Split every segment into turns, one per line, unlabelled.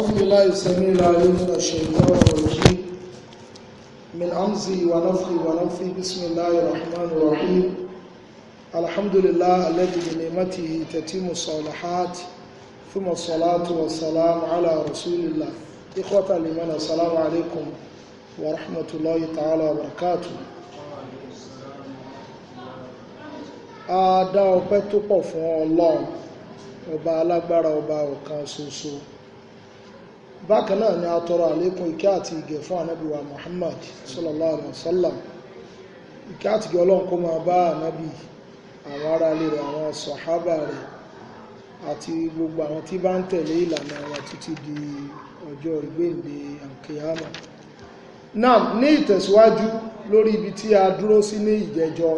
أعوذ بالله السميع العليم من الشيطان الرجيم من أمزي ونفخي ونفخي بسم الله الرحمن الرحيم الحمد لله الذي بنعمته تتم الصالحات ثم الصلاة والسلام على رسول الله إخوة الإيمان السلام عليكم ورحمة الله تعالى وبركاته a dá ọpẹ́ tó pọ̀ fún Ọlọ́run ọba alágbára ọba ọ̀kan ṣoṣo bákan náà ni a tọrọ àlékún ìkẹ́ àti ìgẹ̀ fún ànábì wa Muhammad sallallahu alaihi wa sallam ìkẹ́ àti ìgẹ̀ ọlọ́run kó máa bá ànábì àwọn ará ilé rẹ̀ àwọn sọ̀hábà rẹ̀ àti gbogbo àwọn tí bá ń tẹ̀lé ìlànà wọn títí di ọjọ́ ìgbéǹde àkèyàmà náà ní ìtẹ̀síwájú lórí ibi tí a dúró sí ní ìjẹjọ́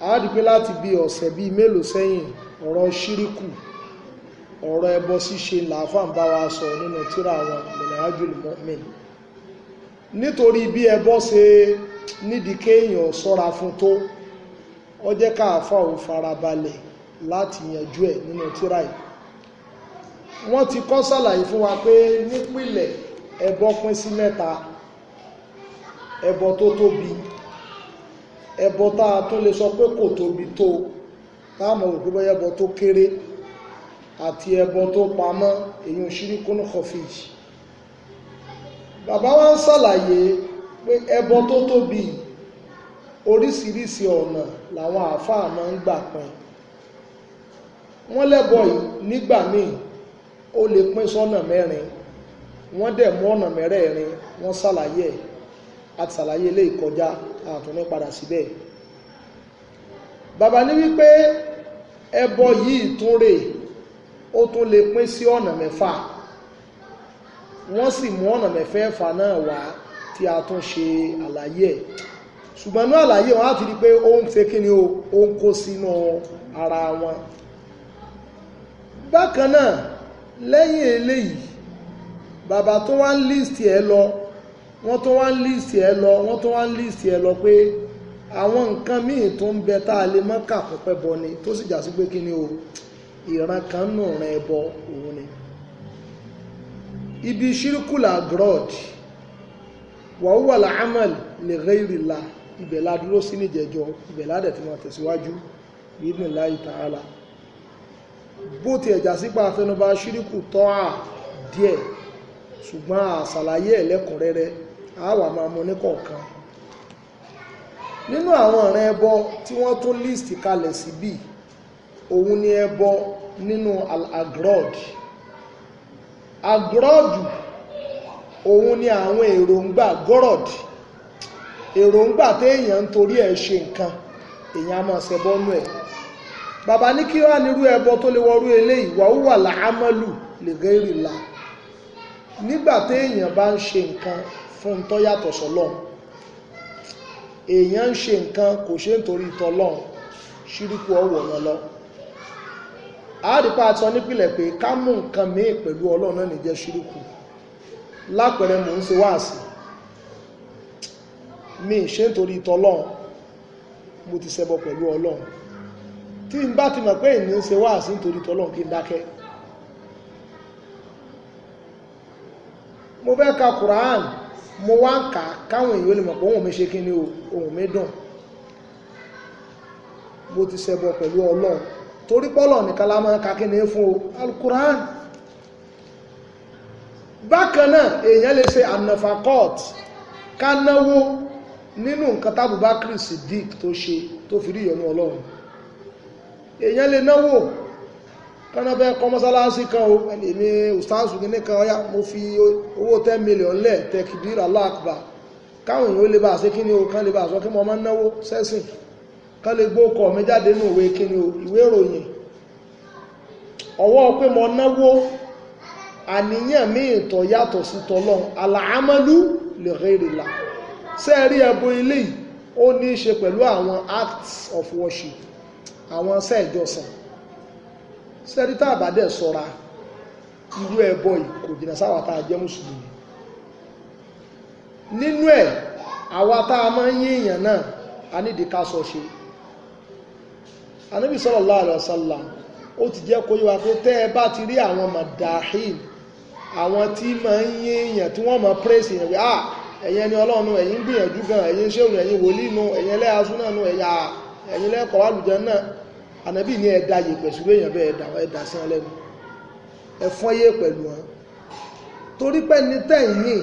a láti bí ọ̀sẹ̀ bíi mélòó sẹ́yìn ọ̀rọ̀ ṣíríkù ọ̀rọ̀ ẹbọ ṣíṣe làáfàá bá wa sọ nínú tírà àwọn Minhajul Mu'min nítorí bí ẹbọ ṣe nídìí kéèyàn ṣọ́ra fún tó ó jẹ́ káàfà ò farabalẹ̀ láti yanjú ẹ̀ nínú tírà yìí wọ́n ti kọ́ sàlàyé fún wa pé nípìnlẹ̀ ẹbọ pín sí mẹ́ta ẹbọ tó tóbi ẹbọ tá a tún lè sọ pé kò tóbi tó táwọn òkú bọ́yẹ́bọ tó kéré àti ẹbọ tó pamọ́ èyàn ṣíríkún kọfíjì bàbá wa ń ṣàlàyé pé ẹbọ tó tóbi oríṣiríṣi ọ̀nà làwọn àáfàá máa ń gbà pin wọ́n lẹ́bọ yìí nígbà míì ó lè pín sọ́nà mẹ́rin wọ́n dẹ̀ mú ọ̀nà mẹ́rẹ̀ẹ̀rin wọ́n ṣàlàyé ẹ̀ àti ṣàlàyé ilé ìkọjá àtúnní padà síbẹ̀ bàbá ní wípé ẹbọ yìí tún rèé ó tún lè pín sí ọ̀nà mẹ́fà wọ́n sì mú ọ̀nà mẹ́fẹ̀ẹ̀fà náà wá tí a tún ṣe àlàyé ẹ̀ ṣùgbọ́n ní àlàyé wọn láti rí pé ó ń ṣe kí ni ó ń kó sínú ara wọn bákan náà lẹ́yìn eléyìí bàbá tó wá ń líìsì ẹ lọ wọ́n tó wá ń líìsì ẹ lọ wọ́n tó wá ń líìsì ẹ lọ pé àwọn nǹkan míì tó ń bẹ tá a lè mọ́ kà pẹ́pẹ́ bọ ni tó sì jà sí pé kí ni o ìran kan nù rìn ẹbọ òun ni ibi ṣírkùlà grod wàhúwà làámàl lè rẹ́ìrìlà ibẹ̀ la dúró sí níjẹjọ ibẹ̀ ládẹ̀ tí wọ́n tẹ̀síwájú bíbìn láì tààlà bó ti ẹ̀jà sípa afẹnubá ṣírkù tọ́ à díẹ̀ ṣùgbọ́n àṣàlàyé ẹ̀lẹ́kùnrẹ́rẹ́ àwà máa mú níkọ̀ọ̀kan nínú àwọn ọ̀rẹ́ ẹbọ tí wọ́n tún líìsì kalẹ̀ síbí si òun ni ẹbọ nínú al-agrod agrod òun ni àwọn èròǹgbà gorod èròǹgbà téèyàn ń torí ẹ̀ ṣe nǹkan èèyàn á máa ṣẹbọ nú ẹ̀ bàbá ní kí wàá nírú ẹbọ tó lè wọrú eléyìí wàá wà láàmọ́lù lè gẹ́rì la nígbà téèyàn bá ń ṣe nǹkan fún tó yàtọ̀ sọ́lọ́run èèyàn ń ṣe nǹkan kò ṣe nítorí tọ́lọ́run ṣíríkù ọ̀wọ̀ wọn àádìpá àti sọ nípìnlẹ̀ pé ká mú nǹkan míì pẹ̀lú ọlọ́run náà nìjẹ́ ṣíríkù lápẹẹrẹ mò ń ṣe wáàsí mi ṣe ń mo ti ṣẹbọ pẹ̀lú ọlọ́run tí n bá ti mọ̀ pé ìní ń ṣe wáàsí nítorí kí n dákẹ́ mo ka Quran mo wá ń kà káwọn lè mọ̀ ni ohun mi mo ti pẹ̀lú ọlọ́run torí pọ́lọ̀ nìkan la máa kàkí ní fún o alukuran bákan náà èèyàn lè ṣe anafakot ká náwó nínú nǹkan tábùbákìrì Siddiq tó ṣe tó fi rí ìyọ́nú Ọlọ́run èèyàn lè náwó kọ́nà fẹ́ kọ́ mọ́sálásí kan o èmi ustaasu ní kan ọ̀yá mo fi owó ten million lẹ̀ tẹkidira káwọn èèyàn lè bá a kí ni o kán lè bá sọ kí mo máa náwó sẹ́sìn kán lè gbó ọkọ̀ mi jáde nínú ìwé kíni ìwé ìròyìn ọwọ́ pé mo náwó àníyàn míì tó yàtọ̀ sí tọ́lọ́n àlàámọ́lú lè rèrìlà sẹ́ẹ̀rí ẹbọ ilé yìí ó ní ṣe pẹ̀lú àwọn acts of worship àwọn iṣẹ́ ìjọsìn sẹ́ẹ̀rí tá àbádẹ́ sọ́ra irú ẹbọ yìí kò jìnà sáwà tá a jẹ́ mùsùlùmí nínú ẹ̀ àwa máa ń yíyàn náà a nídìí ká sọ ṣe anábì sallallahu alaihi wasallam ó ti jẹ́ kó yíwa pé tẹ́ ẹ bá ti rí àwọn madahil àwọn tí máa ń yín èèyàn tí wọ́n máa praise èèyàn pé ah ẹ̀yin ẹni ọlọ́run ẹ̀yin gbìyànjú gan ẹ̀yin ṣéwùn ẹ̀yin wòlíì nu ẹ̀yin ẹlẹ́yàású náà nu ẹ̀yà ah, ẹ̀yin lẹ́kọ̀ọ́ àlùjẹ́ náà ànábì ní ẹ̀dá yìí pẹ̀sù lóyìn bẹ́ẹ̀ ẹ̀dá ẹ̀dá sí wọn lẹ́nu ẹ̀fọ́n yé pẹ̀lú wọn torí pé ní tẹ̀yìn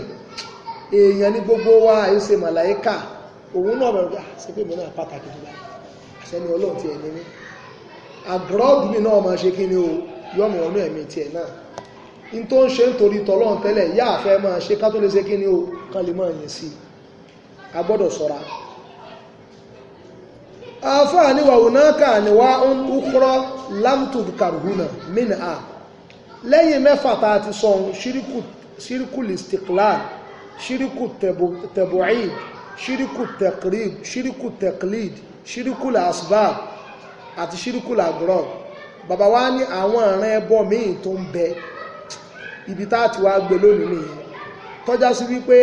èèyàn ní gbogbo wa ẹ̀ ṣe màláíkà òun náà bẹ̀rẹ̀ sí pé ah, mi náà pàtàkì nígbà sẹ́ni ọlọ́run ti ẹ̀mí mi àgọ́rọ́ọ̀dù mi náà máa ṣe kí ni o yọmọ ọ̀nà ẹ̀mí tiẹ̀ náà in tó ń ṣe nítorí tọ́lọ́run tẹ́lẹ̀ yá àfẹ́ ma ṣe ká tó lè ṣe kí ni o kan lè máa yìn sí i a gbọ́dọ̀ ṣọ́ra àfáà ni wàhùn náà kà ní wá ń kúrọ́ lamtub karhuna min a lẹ́yìn mẹ́fà tá a ti sọ ohun ṣíríkù listiklal ṣíríkù tẹ̀bùrìd ṣíríkù tẹ̀kríd ṣíríkù ṣírìkùlà asbab àti ṣírìkùlà grub bàbá wa ní àwọn ọ̀ràn ẹbọ míì tó ń bẹ ibi tá àti wá gbé lónìí nìyẹn tọ́já sí wípé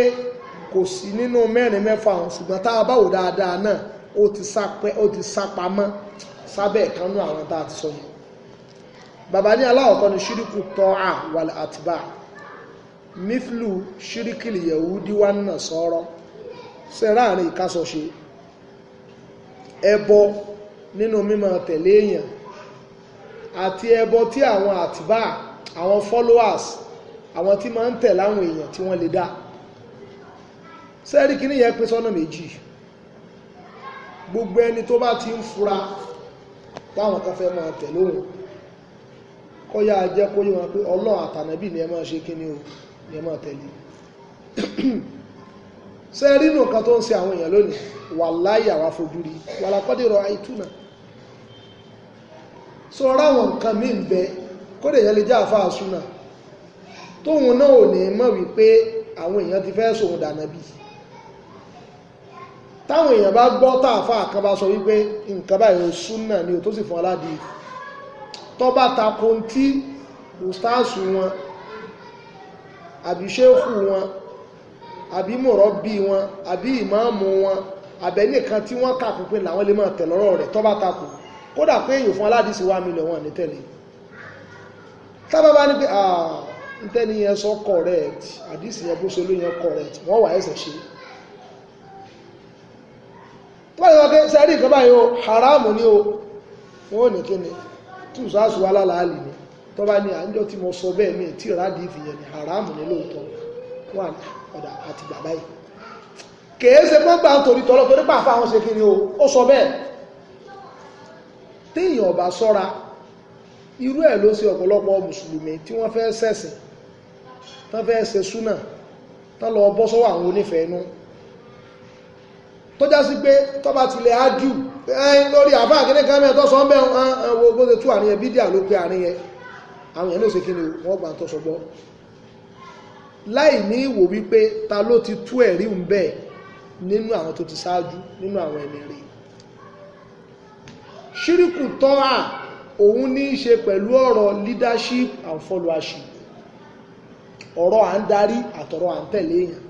kò sí nínú mẹ́rin mẹ́fà ọ̀hún ṣùgbọ́n tá a bá dáadáa náà ó ti sápẹ́ ó ti sápamọ́ sábẹ́ ìkánú àwọn tá sọ yìí bàbá ní aláwọ̀kọ́ ni ṣíríkù tọ́ à wàlẹ̀ àtìbà miflu ṣíríkìlì yẹ̀wúdí wà náà sọ̀rọ̀ sẹ́ráàrin ìkásọ̀ṣe ẹbọ nínú mímọ tẹ̀lé èèyàn àti ẹbọ tí àwọn àtìbá àwọn followers àwọn tí máa ń tẹ̀ láwọn èèyàn tí wọ́n lè dá sẹ́ẹ̀rì kìíní yẹn pín sọ́nà méjì gbogbo ẹni tó bá ti ń fura táwọn kan fẹ́ máa tẹ̀ lóhùn kọ́yà jẹ́ kó yí wọn pé ọlọ́run àtànàbì ni ẹ máa ṣe kí ni o ni ẹ máa tẹ̀lé ṣe rí nǹkan tó ń ṣe àwọn èèyàn lónìí wàláhì àwa fojú rí wàlàkọ́dẹ̀rọ̀ àìtúnà so ráwọn nǹkan míì ń bẹ kódè yẹn lè jẹ́ àfáà súnà tóun náà ò ní mọ̀ wípé àwọn èèyàn ti fẹ́ sòun dànà bí táwọn èèyàn bá gbọ́ tààfáà kan bá sọ wípé nǹkan báyìí ó súnà ni ò tó sì fún aládìí tó bá takò tí ustaasu wọn àbí wọn àbí mọ̀rọ́bí wọn àbí ìmáàmù wọn àbẹ́nìkan tí wọ́n kàkún pé làwọn lè máa tẹ̀lọ́rọ̀ rẹ̀ tọ́ bá takù kódà pé èyàn fún aládìsí wá mílẹ̀ wọn ní tẹ̀lé tábà bá ní pé ah, n tẹ́ni yẹn sọ correct àdìsí yẹn bó ṣe ló yẹn correct wọ́n wà ẹsẹ̀ ṣe tó bá ní wọ́n pé sẹ́rí nǹkan báyìí o haram ni o wọ́n ò ní kí ni tù sáàsù alálàálì ni tó bá ní àńjọ tí mo sọ bẹ́ẹ̀ mi tí ìrádìí fi yẹn ni haram ni lóòótọ́ one ọ̀dà àti bàbá yìí kèé ṣe mọ́ gbà ń torí tọ́lọ́ torí pàfà àwọn ṣe kí ni o ó sọ bẹ́ẹ̀ téèyàn ọba sọ́ra irú ẹ̀ ló ṣe ọ̀pọ̀lọpọ̀ mùsùlùmí tí wọ́n fẹ́ ṣẹ̀sìn tán fẹ́ ṣe súnà tán lọ bọ́ sọ́wọ́ àwọn onífẹ̀ẹ́ inú tó já sí pé tọ́ba tilẹ̀ ájú lórí àbá àkíní kan mẹ́ẹ̀ tó sọ mẹ́ẹ̀ wo bó ṣe tú àríyẹn bídíà ló pe àríyẹn àwọn èèyàn ló ṣe kí ni wọ́n gbà ń tọ́sọ gbọ́ láì ní ìwò wípé ta ló ti tú ẹ̀rí ń bẹ́ẹ̀ nínú àwọn tó ti ṣáájú nínú àwọn ẹni rẹ̀ ṣíríkù tọ́ra òun ní í ṣe pẹ̀lú ọ̀rọ̀ leadership and followership ọ̀rọ̀ à ń darí àtọ̀rọ̀ à ń tẹ̀lé èèyàn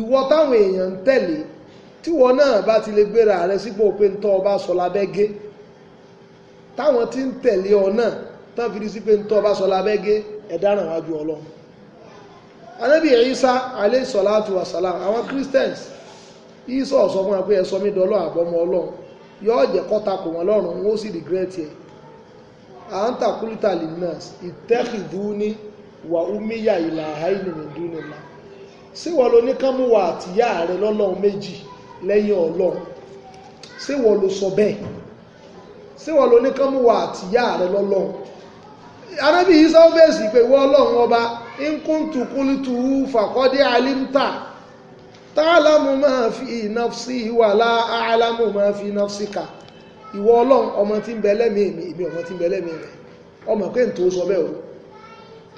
ìwọ táwọn èèyàn ń tẹ̀lé tíwọ náà bá ti lè gbéra rẹ sípò pé ń tọ́ ọba sọ lábẹ́gé táwọn tí ń tẹ̀lé ọ náà tán fi rí sí pé ń tọ́ ọba sọ lábẹ́gé ẹ̀dáràn wájú ọlọ́run anábì Ìsá alayhi salatu wa salam àwọn Christians Ìsá ọ̀sọ́ fún wa pé ẹ̀sọ́ mi dọ́lọ́ àbọ́mọ ọlọ́run yóò jẹ́ kọ́ta kò wọ́n lọ́rùn wọ́n sì regret ẹ̀ à ń tàkúrítà lè nọ́ọ̀sì ìtẹ́kìdú ní wà úmíyà ìlà àìní nìdú Se ṣé wọ́n lo ní kámú wa àtìyá rẹ lọ́lọ́run meji, lẹ́yìn ọlọ́run Se wọ́n lo sọ bẹ́ẹ̀ ṣé wọ́n lo ní kámú wa àtìyá rẹ lọ́lọ́run anábì isa ó fèsì pé wọ́n ọlọ́run ọba nkúntukúntù fàkọ́dé alimta táàlámù máa fi nafsi wà láàlámù máa fi nafsi kà ìwọ ọlọ́run ọmọ tí ń bẹ lẹ́mìí èmi èmi ọmọ tí ń bẹ lẹ́mìí rẹ̀ ọmọ pé n tó sọ bẹ́ẹ̀ o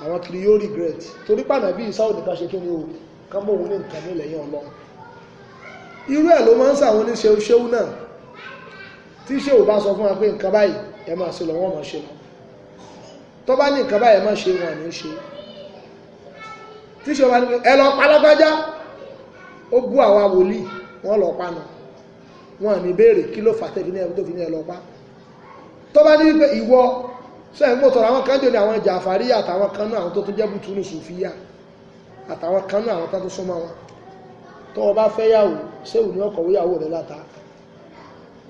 àwọn kiri yóò regret torí pàdàbí isa ò ní ká ṣe kí ni o ká mọ̀ òun ní nǹkan ní lẹ́yìn ọlọ́run irú ẹ̀ ló máa ń sàwọn oníṣẹ́ ṣéwú náà tí ṣéwù bá sọ fún wa pé nǹkan báyìí ẹ máa ṣe lọ wọ́n ṣe lọ tó bá ní nǹkan báyẹn má ṣe wọn ní ṣe tí ṣe wọn ní ẹ lọ pa lágbájá ó bú àwa wòlíì wọn lọ pa nù wọn ní béèrè kí ló fà tẹ̀lé ní ẹbí tó fi ní ẹ lọ pa tó bá ní wípé ìwọ sọ ẹ̀ ń mọ̀tọ̀ àwọn kan jò ní àwọn jàǹfààrí àtàwọn kan náà àwọn tó tún jẹ́ bùtúnù sùfíà àtàwọn kan náà àwọn tó tún súnmọ́ wọn tó o bá fẹ́ yàwó séwù ní ọkọ̀ wíyàwó rẹ̀ láta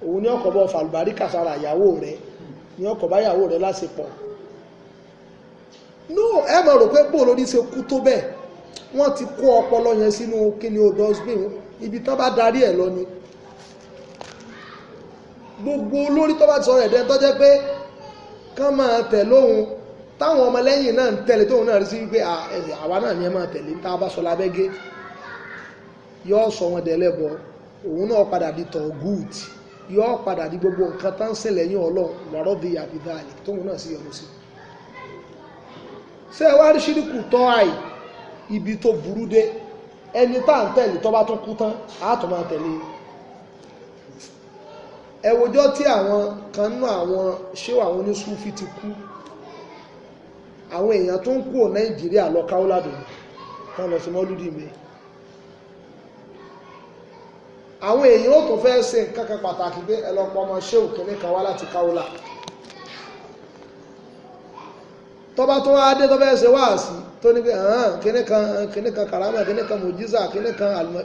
òun ní ọkọ̀ bọ́ fàlùbárí kàsára ìyàwó rẹ̀ ní ọkọ̀ báyàwó rẹ̀ lásìpọ̀ no ẹ máa rò pé bóòlù ní ṣe kú tó bẹ́ẹ̀ wọ́n ti kó ọpọlọ yẹn sínú kíni o dustbin ibi tán bá darí ẹ̀ lọ ni gbogbo olórí tó bá ti sọ̀rọ̀ ẹ̀dẹ́ tó jẹ́ pé kán máa tẹ̀ lóhun táwọn ọmọlẹ́yìn náà ń tẹ̀lé tóun náà rí sí wípé àwa náà ni ẹ máa tẹ̀lé tá a bá sọ lábẹ́gẹ́ yóò sọ wọn dẹ̀lẹ́bọ òun náà padà di tọ̀ gúùtì yóò padà di gbogbo nǹkan tán sìn lẹ́yìn ọlọ́run lọ́rọ́ bíi àbídá àlè tóun náà sì yọnu sí i ṣé ẹ wá rí ṣíríkù tọ́ àì ibi tó burú dé ẹni tá à ń tẹ̀lé tó bá tún kú tán á tún máa tẹ̀lé ẹ wojọ́ tí àwọn kan nú àwọn ṣé àwọn oníṣúfì ti kú àwọn èèyàn tó ń kúrò nàìjíríà lọ káwọ́ládùn kan lọ sí mọ́lúdì mi àwọn èèyàn ó tún fẹ́ ṣe nǹkan kan pàtàkì pé ẹ lọ pọ ọmọ ṣéwù kan wá láti káwọ́lá tọ́ba tó wá dé tọ́ba ẹsẹ̀ wá sí tó ní pé hàn kíní kan kíní kan karama kíní kan mojiza kíní kan alimọ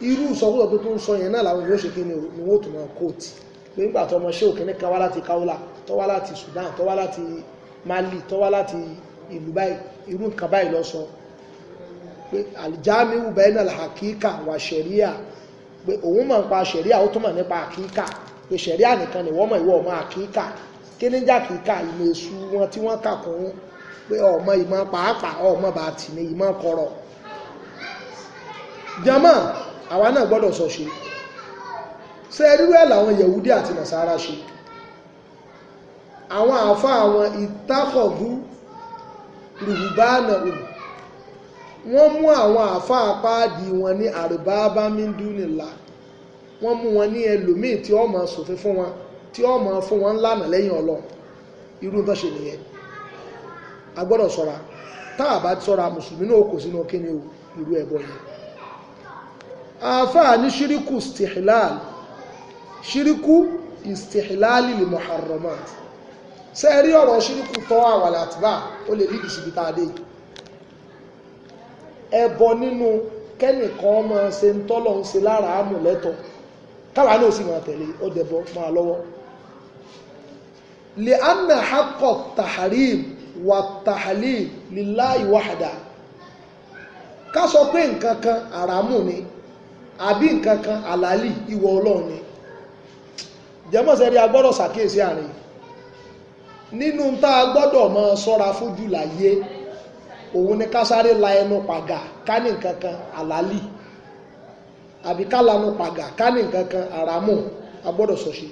irú ìsọkúsọ tó tún sọ yẹn náà làwọn yóò ṣe kíni ni wọn ò tún máa kóòtù pé nígbà tó ọmọ ṣé òkíní kan wá láti kaula tó wá láti Sudan tó wá láti Mali tó wá láti ìlú báyìí irú nǹkan báyìí lọ sọ pé alijamiu bẹ́ẹ̀ náà làkíkà wà ṣẹ̀ríà pé òun mọ̀ nípa ṣẹ̀ríà ó tún mọ̀ nípa àkíkà pé ṣẹ̀ríà nìkan ni wọ́n mọ̀ ìwọ ọmọ kéléjà kíkà ìmọ̀ èṣù wọn tí wọ́n kà kún pé ọmọ ìmọ̀ pàápàá ọmọ bá tì ní ìmọ̀ kọ̀rọ̀ jama àwa náà gbọ́dọ̀ sọ ṣe ṣe rírú ẹ̀ làwọn yẹ̀wúdí àti nàṣàrà ṣe àwọn àfa àwọn ìtàkọ̀bú rìbùbánà òun wọ́n mú àwọn àfa àpáàdì wọn ní àrùbá bámídúnìlà wọ́n mú wọn ní ẹlòmíì tí ọmọ ṣòfin fún wọn tí ọmọ fún wọn lánàá lẹ́yìn ọlọ́run irú tó ṣe nìyẹn a gbọ́dọ̀ ṣọ́ra tá a bá ṣọ́ra mùsùlùmí náà kò sínú kíni o irú ẹbọ yẹn àáfàá ní ṣíríkù stihlal ṣíríkù istihlali lil muharramat ṣe rí ọ̀rọ̀ ṣíríkù tọ́ àwàlà àtìbá ó lè lídìí síbi tá a dé yìí ẹbọ nínú kẹ́nìkan máa ṣe ń tọ́lọ̀ ń ṣe lára àmúlẹ́tọ̀ káwa náà sì máa tẹ̀lé ó dẹbọ máa lọ́wọ́ لأن anna hakọ̀ taharim لله وحده. lillahi wahda ká sọ pé nǹkan kan àràmù ni àbí nǹkan kan àlàálì ìwọ ọlọ́run ni jẹ́mọ̀sẹ̀ rí agbọ́dọ̀ ṣàkíyèsí àárín nínú tá a gbọ́dọ̀ mọ sọ́ra fójú láyé òun ni ká sáré la ẹnu pàgà ká ní nǹkan kan àlàálì àbí ká lanu pàgà ká ní nǹkan kan àràmù agbọ́dọ̀ sọ̀ṣe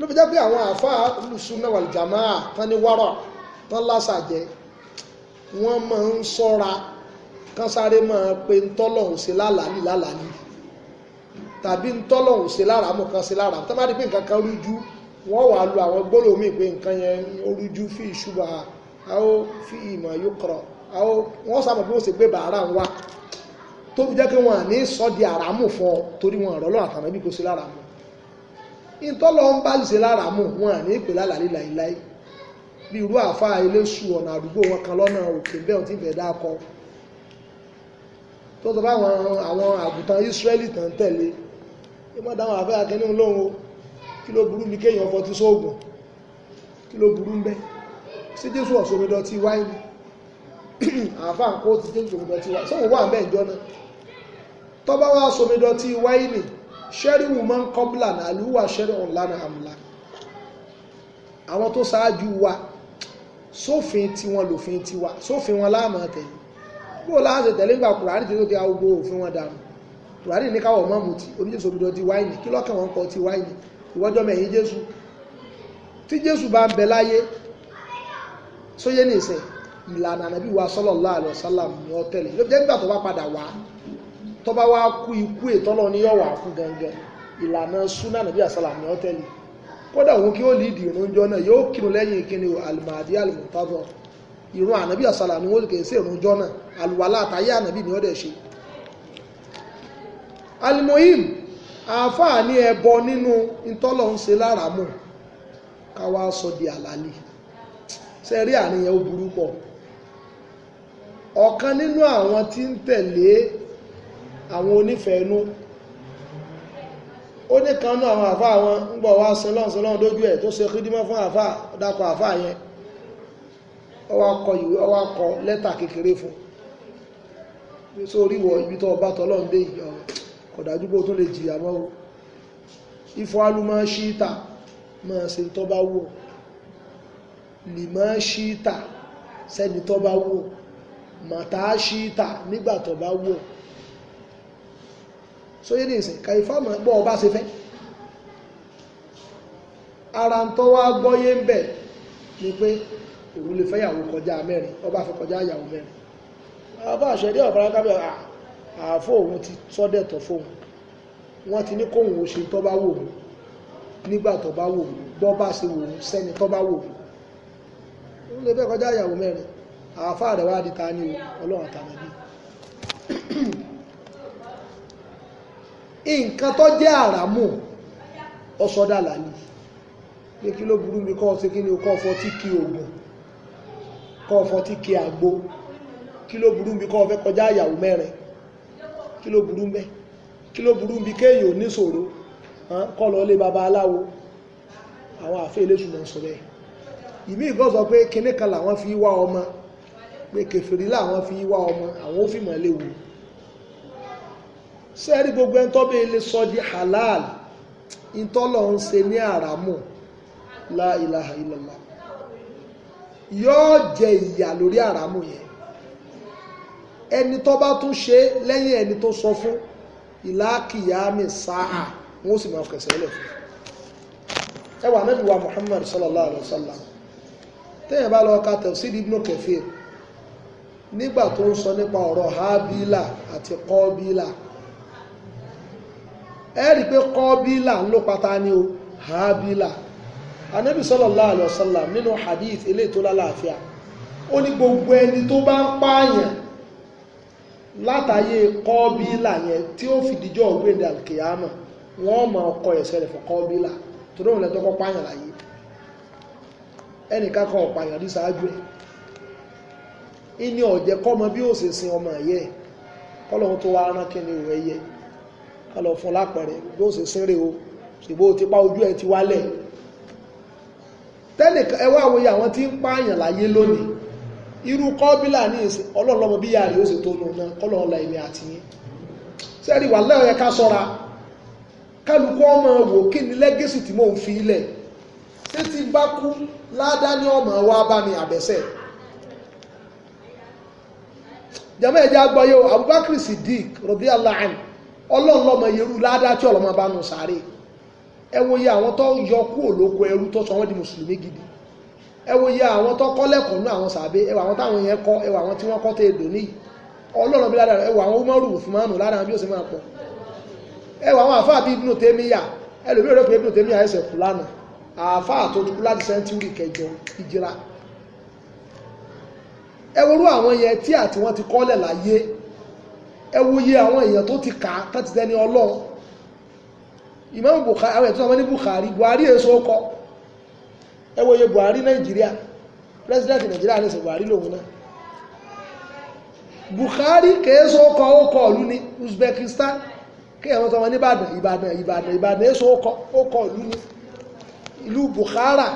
ló fi jẹ́ pé àwọn àáfàá olùsúná wàlùjàmá tán ní wárọ̀ tán lásàjẹ́ wọ́n máa ń sọ́ra kán sáré máa pe ntọ́lọ́hùn sí lálàálì lálàálì tàbí ntọ́lọ́hùn sí láràámù kan sí láràámù tán bá rí pé nǹkan kan rújú wọ́n wàá lu àwọn gbólóhùn míì pé nǹkan yẹn ó rújú fi ìṣubà àwọn fi ìmọ̀ yóò kọ̀rọ̀ àwọn wọ́n sábà bí wọ́n sì gbé bàárà ń wá tó fi jẹ́ pé wọ́n à ní sọ́ di àràmù fún torí wọn ọ̀rọ̀ lọ́wọ́ àtàwọn kò sí láràámù ìtọ́lọ ń bá ṣe lára mú wọn à ní ìpè lálàlí láìláì bí irú àfa eléṣù ọ̀nà àdúgbò wọn kan lọ́nà òkè bẹ́ẹ̀ tí ìfẹ́ dákọ tó sọ fáwọn àwọn àgùntàn Ísírẹ́lì tàn tẹ̀lé ẹ mọ́ dáhùn àfẹ́ akẹ́ni lóhun o kí ló burú ní kéèyàn fọtí sóògùn kí ló burú ń bẹ́ sí Jésù ọ̀sọ́mídọ́tì wáìnì àfáà ń kó ti Jésù ọ̀sọ́mídọ́tì wáìnì sóhun wà ń bẹ́ẹ̀ jọ náà tọ́bá wá ọ̀sọ́mídọ́tì wáìnì ṣẹ́ríwù máa ń kọ́bùlà náà àlùwà ṣẹ́ríwù lánàá àmúlá àwọn tó ṣáájú wa sófin tiwọn lòfin tiwa sófin wọn láàmú tẹ̀lé bó láàṣẹ tẹ̀lé ńgbà kùránì tí ó ti àwògbò òfin wọn dànù kùránì ní káwọ̀ mọ́ mutí oníjésù obìnrin ti wáìnì kí lọ́kàn wọn kọ ti wáìnì ìwọ́jọ́ mẹ́yìn jésù tí jésù bá ń bẹ láyé sóyé nìṣẹ́ ìlànà ànábì wa sallallahu alaihi wasallam ni ó tẹ̀lé ló jẹ́ nígbà tó bá padà wá tó bá wá kú ikú ètọ́lọ́ ní yọ̀wà fún gangan ìlànà súnà nàbí àsálà ní ọ́tẹ́lì kódà òun kí ó lè dì ìrún jọ náà yóò kírun lẹ́yìn ìkíni alìmọ̀dí alìmọ̀tàbọ̀ ìrún ànàbí àsálà ní wọ́n kì í sí ìrún jọ náà àlùwàlá àtàyé ànàbí ni ó dẹ̀ ṣe alimohim àáfàá ní ẹbọ nínú ìtọ́lọ̀ ń ṣe láràmù káwá sọ di àlàlì sẹ́rí àníyàn ó burú pọ̀ ọ̀kan nínú àwọn tí ń tẹ̀lé àwọn onífẹ̀ẹ́nú ó ní kan náà àwọn àfá àwọn ń bọ̀ wá sọlọ́n sọlọ́n dójú ẹ̀ tó ṣe kídímọ́ fún àfá dákọ̀ àfá yẹn ó wá kọ ìwé ó wá kọ lẹ́tà kékeré fún sórí wọ ibi tó o ifọ̀ alúmọ́ ṣíta máa ṣe tó bá wù lìmọ́ ṣíta sẹ́ni tó bá wù màtá ṣíta nígbà bá wù sóyè ní ìsìn kàyí fáàmù bọ́ ọba ṣe fẹ́ ara ń tọ́wọ́ agbọ́yé ń bẹ̀ ni pé òun lè fẹ́ yàwó kọjá mẹ́rin ọba fẹ́ kọjá yàwó mẹ́rin ọba àṣẹrí ọ̀bára kábẹ̀ àfọ òun ti sọ́dẹ̀tọ̀ fóun wọ́n ti ní kóun ó ṣe tọ́ bá wò ó nígbà tó bá wò ó bọ́ bá ṣe wò ó sẹ́ni tó bá wò ó òun lè fẹ́ kọjá yàwó mẹ́rin àáfàá rẹ̀ wá di ta ni ọlọ́run àtàlẹ́bí nǹkan tó jẹ́ àràmù ọ̀sọ́dà làálì pé kí ló burú mi kọ́ ṣe kí ni kọ́ fọ́ tí kí oògùn kọ́ fọ́ tí kí àgbo kí ló burú mi kọ́ fẹ́ kọjá àyàwó mẹ́rin kí ló burú mẹ́ kí ló burú mi kéèyàn níṣòro kọ́ lọ lé baba aláwo àwọn àfẹ́ iléṣù mọ̀ sọ bẹ́ẹ̀ ìmí ìgbọ́ sọ pé kinní kan làwọn fi wá ọmọ pé kẹfìrí làwọn fi wá ọmọ àwọn ó fìmọ̀ léwu ṣé ẹ rí gbogbo ẹni tó bẹ́ẹ̀ lè sọ di halal ìtọ́lọ̀ ń ṣe ní àràmù la ilaha illallah yóò jẹ ìyà lórí àràmù yẹn ẹni tó bá tún ṣe lẹ́yìn ẹni tó sọ fún ìlàkìyàmì sáà wọn ó sì máa fẹsẹ̀ ẹlẹ̀ fún ẹ wà wa Muhammad sallallahu alaihi wa sallam bá lọ ka tafsir Ibn Kathir nígbà tó ń sọ nípa ọ̀rọ̀ hábílà àti kọ́bílà ẹ rí i pé là ń ló pata ní o hábílà anabi sallallahu alaihi wasallam nínú hadith eléyìí tó lálàáfíà ó ní gbogbo ẹni tó bá ń pààyàn látàyè kọ́bílà yẹn tí ó fi dijọ́ ògbéǹde alkiyama wọ́n máa kọ ẹ̀ṣẹ̀ rẹ̀ fún kọ́bílà tó dóhùn lẹ́tọ́ kọ́ pààyàn láyé ẹnìkan ẹ̀ ìní ọ̀jẹ̀ bí ó ṣe sin ọmọ ẹ̀yẹ ká lọ fún lápẹ̀rẹ̀ bí se ṣe sínre o ṣùgbó ti pa ojú ẹ ti wálẹ̀ tẹ́nìkan ẹwà àwòye àwọn tí ń pààyàn láyé lónìí irú kọ́bílà ní ìsìn ọlọ́ọ̀lọ́mọ bíyà rẹ̀ ó sì tó nù náà kọ́lọ̀ọ́lá ilẹ̀ àti yín sẹ́rí wà lẹ́ọ̀ yẹ ká sọ́ra kálukú ọmọ wò kí ni lẹ́gẹ́sì tí mò ń fi ilẹ̀ ṣé ti bá kú ládá ní ọmọ wa bá mi àbẹ̀sẹ̀ jàmọ́ ẹ̀jẹ̀ Abubakar Siddiq radiyallahu anhu ọlọ́run lọ́mọ yerú ládá tí ọlọ́mọ bá nù sáré ẹ wo iye àwọn tó yọ kú òlóko ẹrú tó sọ wọ́n di mùsùlùmí gidi ẹ wo iye àwọn tó kọ́ lẹ́kọ̀ọ́ nú àwọn sàbẹ́ ẹ wo àwọn táwọn yẹn kọ́ ẹ wo àwọn tí wọ́n kọ́ tẹ́ èdò níyì ọlọ́run bí ládàá ẹ wo àwọn umaru ufumanu ládàá bí ó sì máa pọ̀ ẹ wo àwọn àfáà bíi ibùdó tèmíyà ẹ lòmí òrò pé ibùdó tèmíyà ẹsẹ̀ kù lánàá àfáà tó dúkú láti sẹ́ńtúrì kẹjọ ìjìra ẹ worú àwọn yẹn tí àti wọ́n ti ẹ wòye àwọn èèyàn tó ti kà á tó ti dẹni ọlọ́run Imam Bukhari àwọn èèyàn tó sọ Bukhari Buhari èso kọ ẹ wòye Buhari Nàìjíríà president Nàìjíríà ní sọ Buhari lòun náà Bukhari kèéso kọ ó kọ ìlú ní Uzbekistan kéèyàn wọn sọ wọn ní Ìbàdàn Ìbàdàn Ìbàdàn Ìbàdàn èso kọ ó kọ ìlú ní ìlú Bukhara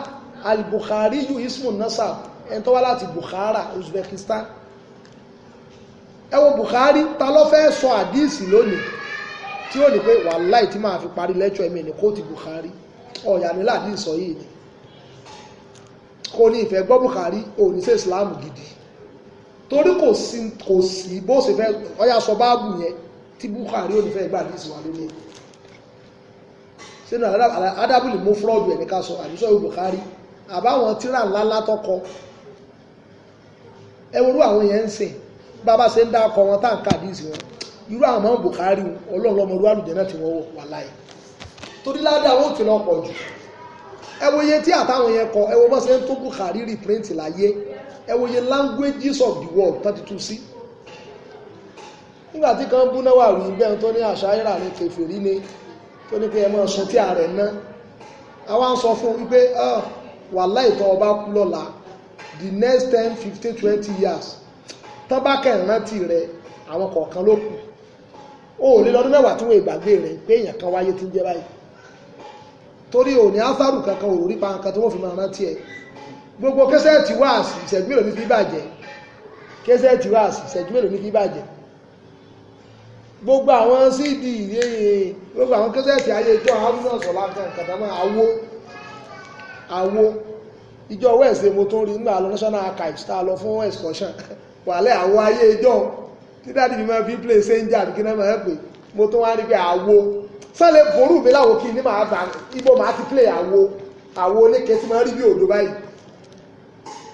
al-Bukhari yu ismu nasab ẹni tó wá láti Bukhara Uzbekistan ẹ wo Bukhari ta ló fẹ́ sọ àdíìsì lónìí tí ó ní pé wàláì tí máa fi parí lẹ́tọ̀ ẹ̀mí ní kóòtù Bukhari ọ̀yà ní yìí ni kò ní ìfẹ́ gbọ́ Bukhari ò ní Islam gidi torí kò sí kò sí bó ṣe fẹ́ ọ̀yà sọ báàbù yẹn tí Bukhari ò ní fẹ́ gbà àdíìsì wà lónìí sínú adábùlì mú fúrọ́ọ̀dù ẹ̀ ní ká sọ àdísọ́ ìwé Bukhari àbáwọn tíra ńlá látọkọ ẹ worú àwọn yẹn ń sìn bàbá ṣe ń dá ọkọ̀ wọn tá n ká àdìsí wọn irú àwọn ọmọ Bùkárí ọlọ́run lọ́mọ irú àlùjẹ náà ti wọ́n wọ̀ wà láì torí ládàá wọn ò ti lọ pọ̀ jù ẹ wo iye tí àtàwọn yẹn kọ ẹ wo bọ́sẹ̀ ń tó Bùkárí reprint láyé ẹ languages of the world tán ti tú sí nígbà tí kan bú náà wà rí bẹ́ẹ̀ tó ní àṣà ìrà ní kẹfìrí ni tó ní pé ẹ máa sun tí ààrẹ ná àwa ń sọ fún wípé wàhálà ìtọ́ ọba kú lọ́la the next ten fifteen twenty years tán bá rẹ àwọn kọ̀ọ̀kan ló kù o ò lè lọ́dún mẹ́wàá tí wọ́n ìgbàgbé rẹ pé èèyàn kan wáyé ti ń jẹ́ báyìí torí òní áfárù kankan òrùrí pa nǹkan tó wọ́n fi máa rántí ẹ gbogbo kẹsẹ̀tì wáàsì ìṣẹ́jú mélòó ní fi bàjẹ́ gbogbo àwọn cd yéye gbogbo àwọn ayé mo tún rí a lọ fún excursion wàhálẹ̀ àwo ayé ẹjọ́ tí dáàdì mi máa fi plé sẹ́ńjà àbí kí náà máa pè mo tún wá rí pé àwo sọ́lẹ̀ ború mi láwo kí ní màá bá ibo màá ti plé àwo àwo oníke tí máa rí bí òdo báyìí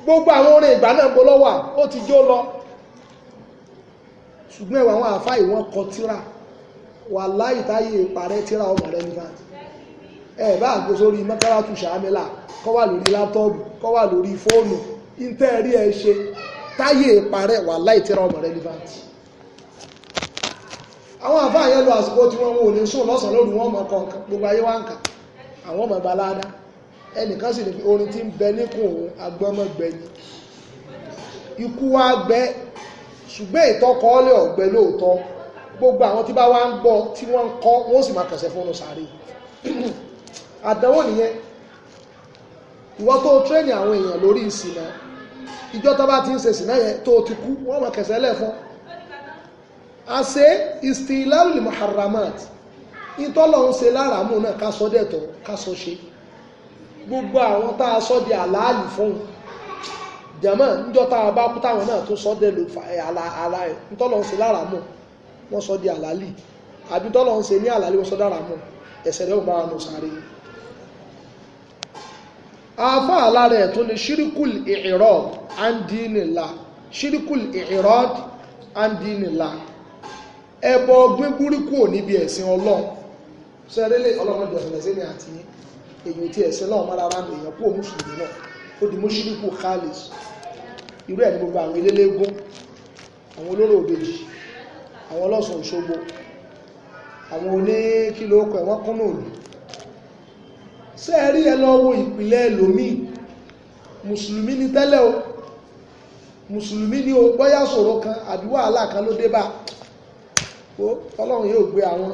gbogbo àwọn orin ìgbà náà bó lọ́wọ́ ó ti jó lọ ṣùgbọ́n ẹ̀wọ̀n àwọn àfáà ìwọ̀n kọ tíra wà láì táyé ìparẹ́ tíra ọmọ rẹ nípa ẹ bá àgbo sórí mọ́kàrà tù sàmìlà kọ́ wà lórí láptọ́ọ̀bù kọ́ wà lórí fóònù ìtẹ́ẹ̀rí ẹ ṣe táyé parẹ́ wà láì tẹ́ra ọmọ àwọn àfá àyẹ́ lọ àsìkò tí wọ́n wò ní sùn lọ́sàn lóru wọn mọ̀ kan gbogbo ayé wá ń kà àwọn ọmọ ìgbàláàdá ẹnìkan sì ní orin tí ń bẹ níkùn òun ikú wa gbẹ ṣùgbọ́n ìtọ́kọ ọ̀gbẹ lóòótọ́ gbogbo àwọn tí bá wá ń gbọ́ tí wọ́n ń kọ́ wọ́n sì máa nìyẹn tó èèyàn lórí ìsìn ìjọ tó ti ń sèṣì náà yẹn tó ti kú wọ́n mọ̀ kẹsẹ̀ lẹ́fọ́n àṣẹ istilal muharramat ìtọ́lọ̀ ń ṣe láràmù náà ká sọ dẹ̀tọ̀ ká sọ ṣe gbogbo àwọn tá a di àlàálì fún un jàmọ́ níjọ́ tá a bá kú táwọn náà tó sọ dẹ̀ lò àlà ẹ̀ ìtọ́lọ̀ ń ṣe di àlàálì àbí tọ́lọ̀ ń ṣe ní àlàálì wọ́n sọ dáràmù ẹ̀sẹ̀ rẹ̀ ò bá afa alára ẹ̀ tó ní ṣíríkùl ìrọ̀d andínìlá ṣíríkùl ìrọ̀d andínìlá ẹbọ gbígbúrí kúrò níbi ẹ̀sìn ọlọ́run sọ erélé ọlọ́run jọ ṣẹlẹ̀ sẹ́mi àti èyàn tí ẹ̀sìn náà mọ́ra ara èèyàn kúrò mùsùlùmí náà ó di mọ́ṣíríkù khalis irú ẹ̀ ní gbogbo àwọn elélégún àwọn olóró òbejì àwọn ọlọ́sùn òṣogbo àwọn oníkìlókọ̀ ẹ̀wọ́n kúnnà òlù ṣé ẹ rí ẹ lọ ìpìlẹ̀ ni tẹ́lẹ̀ o mùsùlùmí ni o kan àbí kan ló dé bá o ọlọ́run yóò gbé àwọn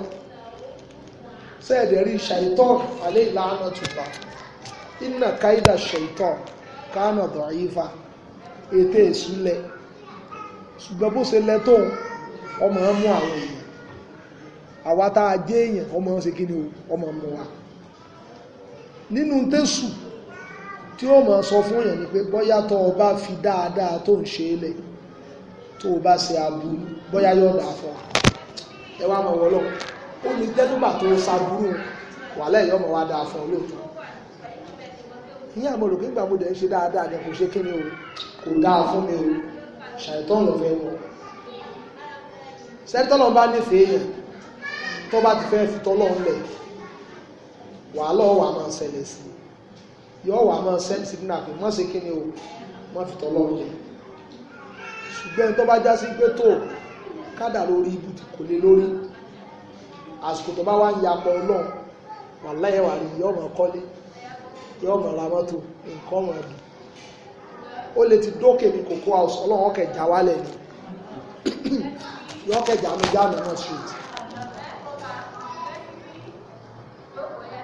ṣé ẹ rí ṣàìtàn alẹ́ ìlànà tùbà iná káídà ṣàìtàn kánà dọ̀ọ́yífà ètè ìsúlẹ̀ ṣùgbọ́n bó ṣe ọmọ mú àwọn èèyàn àwa tá èèyàn ọmọ ṣe ọmọ wa. nínú tẹ́sù tí ó máa sọ fún èèyàn ni pé bóyá tó o bá fi dáadáa tó ń ṣe é lẹ̀ tó o bá ṣe aburú bóyá yóò dà fún ọ ẹ wá mọ̀ wọ́lọ́ ó ní tẹ́tùgbà tó ṣaburú wà lẹ́yìn ọmọ wa dà fún ọ lóòótọ́ ní àmọ́ olùkí ìgbà dẹ̀ ń ṣe dáadáa ni kò ṣe kí ni o kò dáa fún mi o ṣàìtọ́ ọ̀nà fẹ́ wọ̀ sẹ́ńtọ́lọ́ bá nífẹ̀ẹ́ yẹn tó bá ti fẹ́ fi tọ́lọ́ ńlẹ̀ wàhálà ọ̀wà máa ṣẹlẹ̀ sí i yọ ọ̀wà máa ṣẹlẹ̀ sí nínú àpè mọ́sí kí ni o fi tọ́lọ́ jẹ ṣùgbọ́n tó bá já sí pé tó kádà lórí ibu kò lè lórí àsìkò tó bá wá ń yapọ̀ ọlọ́run wàhálà ẹ̀wà rí yọ ọmọ kọ́lé yọ ọmọ ra mọ́tò nǹkan ọmọ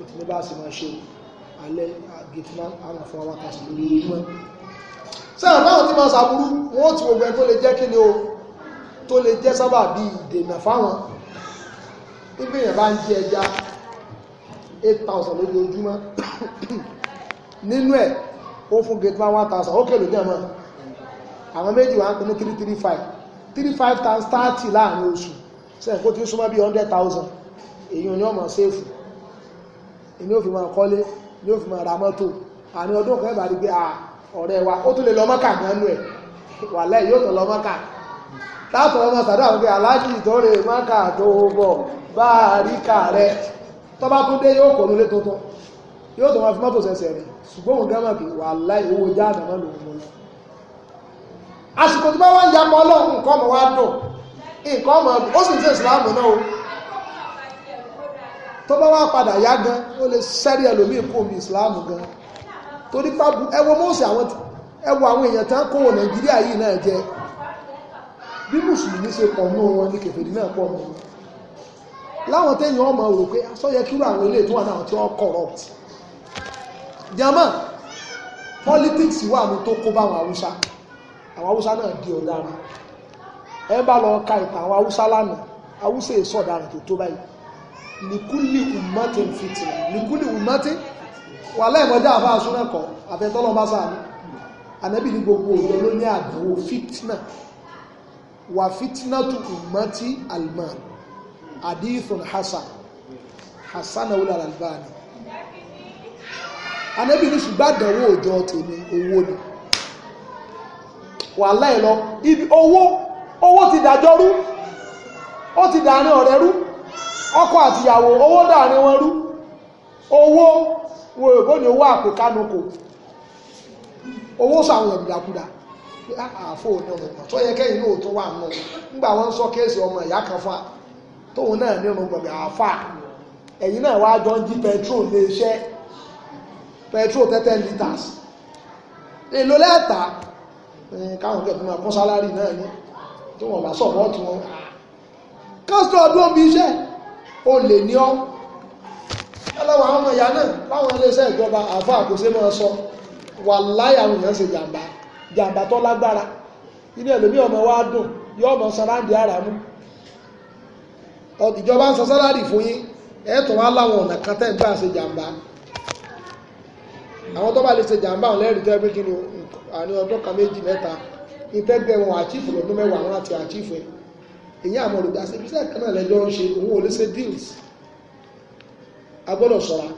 ìtìlẹ́ bá sì máa ṣe alẹ́ gẹ̀tìmá àwọn afọ lórí ojúmọ́ sẹ́yìn báwọn tí máa ṣàbúrú wọn ti gbogbo ẹ̀ tó lè jẹ́ kí ni o tó lè jẹ́ sábà bí ìdènà fáwọn nígbè bá ń jẹ ẹja eight lójoojúmọ́ nínú ẹ̀ ó fún gẹ̀tìmá one thousand ó kèlò ní ẹ̀mọ́ àwọn méjì wà ń pinnu three three five three five times thirty láàrin oṣù sẹ́yìn kó ti ń súnmọ́ bí hundred thousand èyí ò ní ọmọ ṣéèfù èmi ò fi máa kọ́lé ni ó fi máa ra mọ́tò àní ọdún kan ìbàdí pé ọ̀rẹ́ wa ó tún lè lọ mọ́kà nánú ẹ̀ wà lẹ́yìn yóò tún lọ mọ́kà látọ̀ ọmọ sàdá àwọn pé aláàjì ìtọ́rẹ̀ mọ́kà tó bọ̀ bá a rí kà rẹ tó bá tún dé yóò kọ̀ nílé tuntun yóò tún máa fi mọ́tò ṣẹ̀ṣẹ̀ rẹ̀ ṣùgbọ́n òun gẹ́mọ̀ pé wà láì owó já àdámọ́ lòun mọ́ lọ àsìkò tí bá wá ń ya ọlọ́run nǹkan ọmọ wa dùn nǹkan ọmọ ó sì ń ṣe ìsìlámù náà tó bá wá padà yá gan ó lè sẹ́rí ẹlòmíì kó omi gan torí pàbù ẹwọ mọ́ọ̀sì àwọn ẹwọ àwọn èèyàn tán kó wọ nàìjíríà yìí náà jẹ bí mùsùlùmí ṣe pọ̀ mọ́ wọn ní náà pọ̀ láwọn rò pé sọ́yẹ àwọn tó wà náà tí wọ́n corrupt jama politics wà ní tó kó haúsá àwọn haúsá náà di ọ̀daràn ẹ bá lọ ka ìtàn àwọn haúsá lánàá haúsá tó tó báyìí nìkúlì ùmọ́tì fìtìnà nìkúlì ùmọ́tì wà lẹ́ẹ̀mọ́já àfá àsúnẹ̀kọ́ àfẹ́tọ́lọ́bá sáàmù ànábì ní gbogbo òjò ló ní àdánwò fìtìnà wà fìtìnà tu ùmọ́tì alman adíthun hasan hasan awúlà albani ànábì ní ṣùgbọ́n àdánwò òjò tèmi owó ni wà láìlọ owó owó ti dàjọ́rú ó ti dàárín ọ̀rẹ́rú ọkọ ìyàwó owó dàrin wọn rú owó wọn èbó ni owó àpò kánukò owó sàwọn ìyàkúdà àfọ òní ọ̀rùngbọ̀n tó yẹ kẹ́yìn náà tó wà nù nígbà wọ́n sọ kéèsì ọmọ ìyá kan fa tóun náà ní ọ̀rùngbọ̀n àfà ẹ̀yìn náà wá jọ ń jí lè ṣẹ́ tẹ́tẹ́ èlò lẹ́ẹ̀ta káwọn sálárì náà ní wọ́n ó lè ní ọ́ ẹlọ́wọ̀ àwọn ọmọ ìyá náà láwọn iléeṣẹ́ ìjọba àfa àkóṣe máa sọ wà láyà àwọn èèyàn ṣe jàǹbá jàǹbá tó lágbára inú ẹlòmí ọmọ wa dùn yọ ọmọ sọláńdì ara mú ìjọba ń sọ sálárì fún yín ẹ̀ẹ́tọ̀ wá láwọn ọ̀nà kan tẹ́ gbà ṣe jàǹbá àwọn tó bá lè ṣe jàǹbá ọ̀hún lẹ́rìí tẹ́ pé kí ni àní ọdún kan méjì mẹ́ta ìtẹ́gbẹ̀wọ̀n àchífù lọ́dún mẹ́wàá wọn àti àchífù ẹ̀ èyí àmọ́ olùgbà sí ibi sẹ́ẹ̀kan náà lẹ́jọ́ ń ṣe òun ò deals a gbọ́dọ̀ ṣọ́ra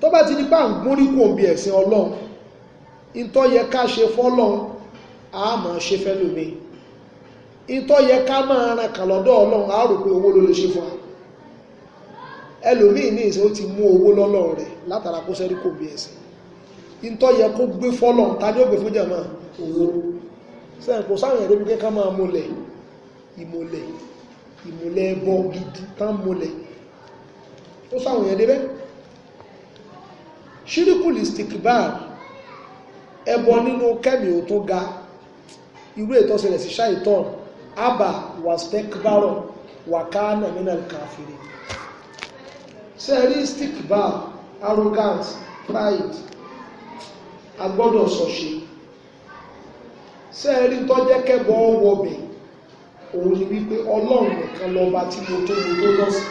tó bá ti di pa àgbórí kò bí ẹ̀sìn ọlọ́run ìtọ́ yẹ ká ṣe fọ́lọ́run a máa ṣe fẹ́ lómi ìtọ́ ká máa ran kàn lọ́dọ̀ ọlọ́run a pé owó ló lè ṣe fún wa ẹlòmíì ní ìṣe ó ti mú owó lọ́lọ́run rẹ̀ látara kó sẹ́rí kò bí ẹ̀sìn ìtọ́ yẹ kó gbé fọ́lọ́run ta ni ó gbé fún jẹ̀mọ́ owó sẹ́yìn kò sáwọn ẹ̀rẹ́ bí máa múlẹ̀ ìmọ̀lẹ̀ ìmọ̀lẹ̀ ẹbọ gidi tán mọ̀lẹ̀ ó sáwọn yẹn débẹ̀ ṣíríkùlì stikbar ẹbọ nínú kẹ́mì ò tó ga irú ìtọ́sẹ̀lẹ̀ sí ṣáìtọ́n abba wàstekbaro wakana minal kafiri sẹ́rí stikbar arrogant, pride agbọ́dọ̀ sọ̀ṣe sẹ́ẹ̀rí tọ́jẹ́kẹ́bọ̀ wọ̀bẹ̀ òun ni wípé ọlọ́run nìkan lọ́ba tí mo tó mo tó lọ́sìn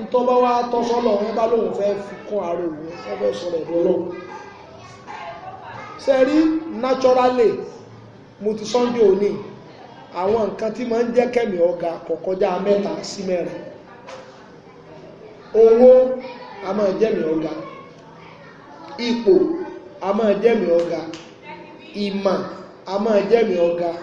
ìtọ́ba wa tọ́ sọ́lọ̀ wọn bá lóun fẹ́ fi kún ara òun wọ́n fẹ́ sọ̀rọ̀ ẹ̀dọ́ sẹ́rí naturally mo ti sunday òní àwọn nǹkan tí máa ń jẹ́ kẹ́mi ọ̀gá kọ̀kọ́já mẹ́ta sí mẹ́rin owó a máa jẹ́mi ọ̀gá ipò a máa jẹ́mi ọ̀gá ìmọ̀ a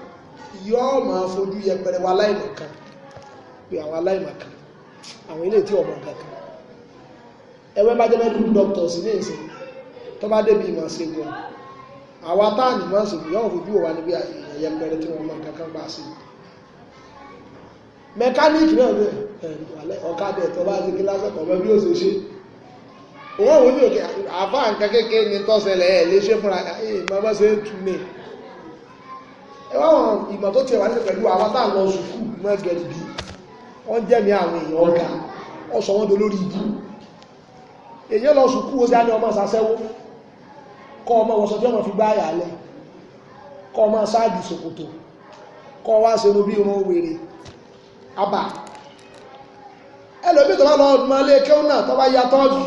yóò máa fojú yẹpẹrẹ wa láìmọ̀kan pé àwọn aláìmọ̀kan àwọn ilé tí ọmọ kankan ẹwẹ́ bá jẹ́ medical doctors ní ìsìn tó bá débi ìmọ̀ ṣègùn àwa táàní máa ṣègùn yóò fojú wa níbi yẹpẹrẹ tí wọ́n máa kankan bá sí mẹkáníìkì náà ní ọ̀kadà tó bá ṣe kí lásìkò ọmọ bí ó ṣe ṣe òun òun ní òkè àbá nǹkan kékeré ní tọ́sẹ̀lẹ̀ ẹ̀ léṣe fúnra ẹ̀ máa bá ṣe é tu ní ẹwọ́n ìmọ̀ tó ti wà ní pẹ̀lú àwọn tá lọ sùkú mẹ́gẹ̀rì bí wọ́n jẹ́mi àwọn èèyàn ọ̀gá wọ́n sọ wọ́n dolórí ibu èyàn lọ sùkú ó sì á ní ọmọ sasẹ́wó kọ́ ọmọ wọ́sọ tí ọmọ fi gbá àyà lẹ̀ kọ́ ọmọ sáàdì ṣòkòtò kọ́ wá ṣe irun bí irun wèrè abà ẹlòmí tó bá lọ ọdún alẹ́ kéwọn náà tó bá ya tọ́jú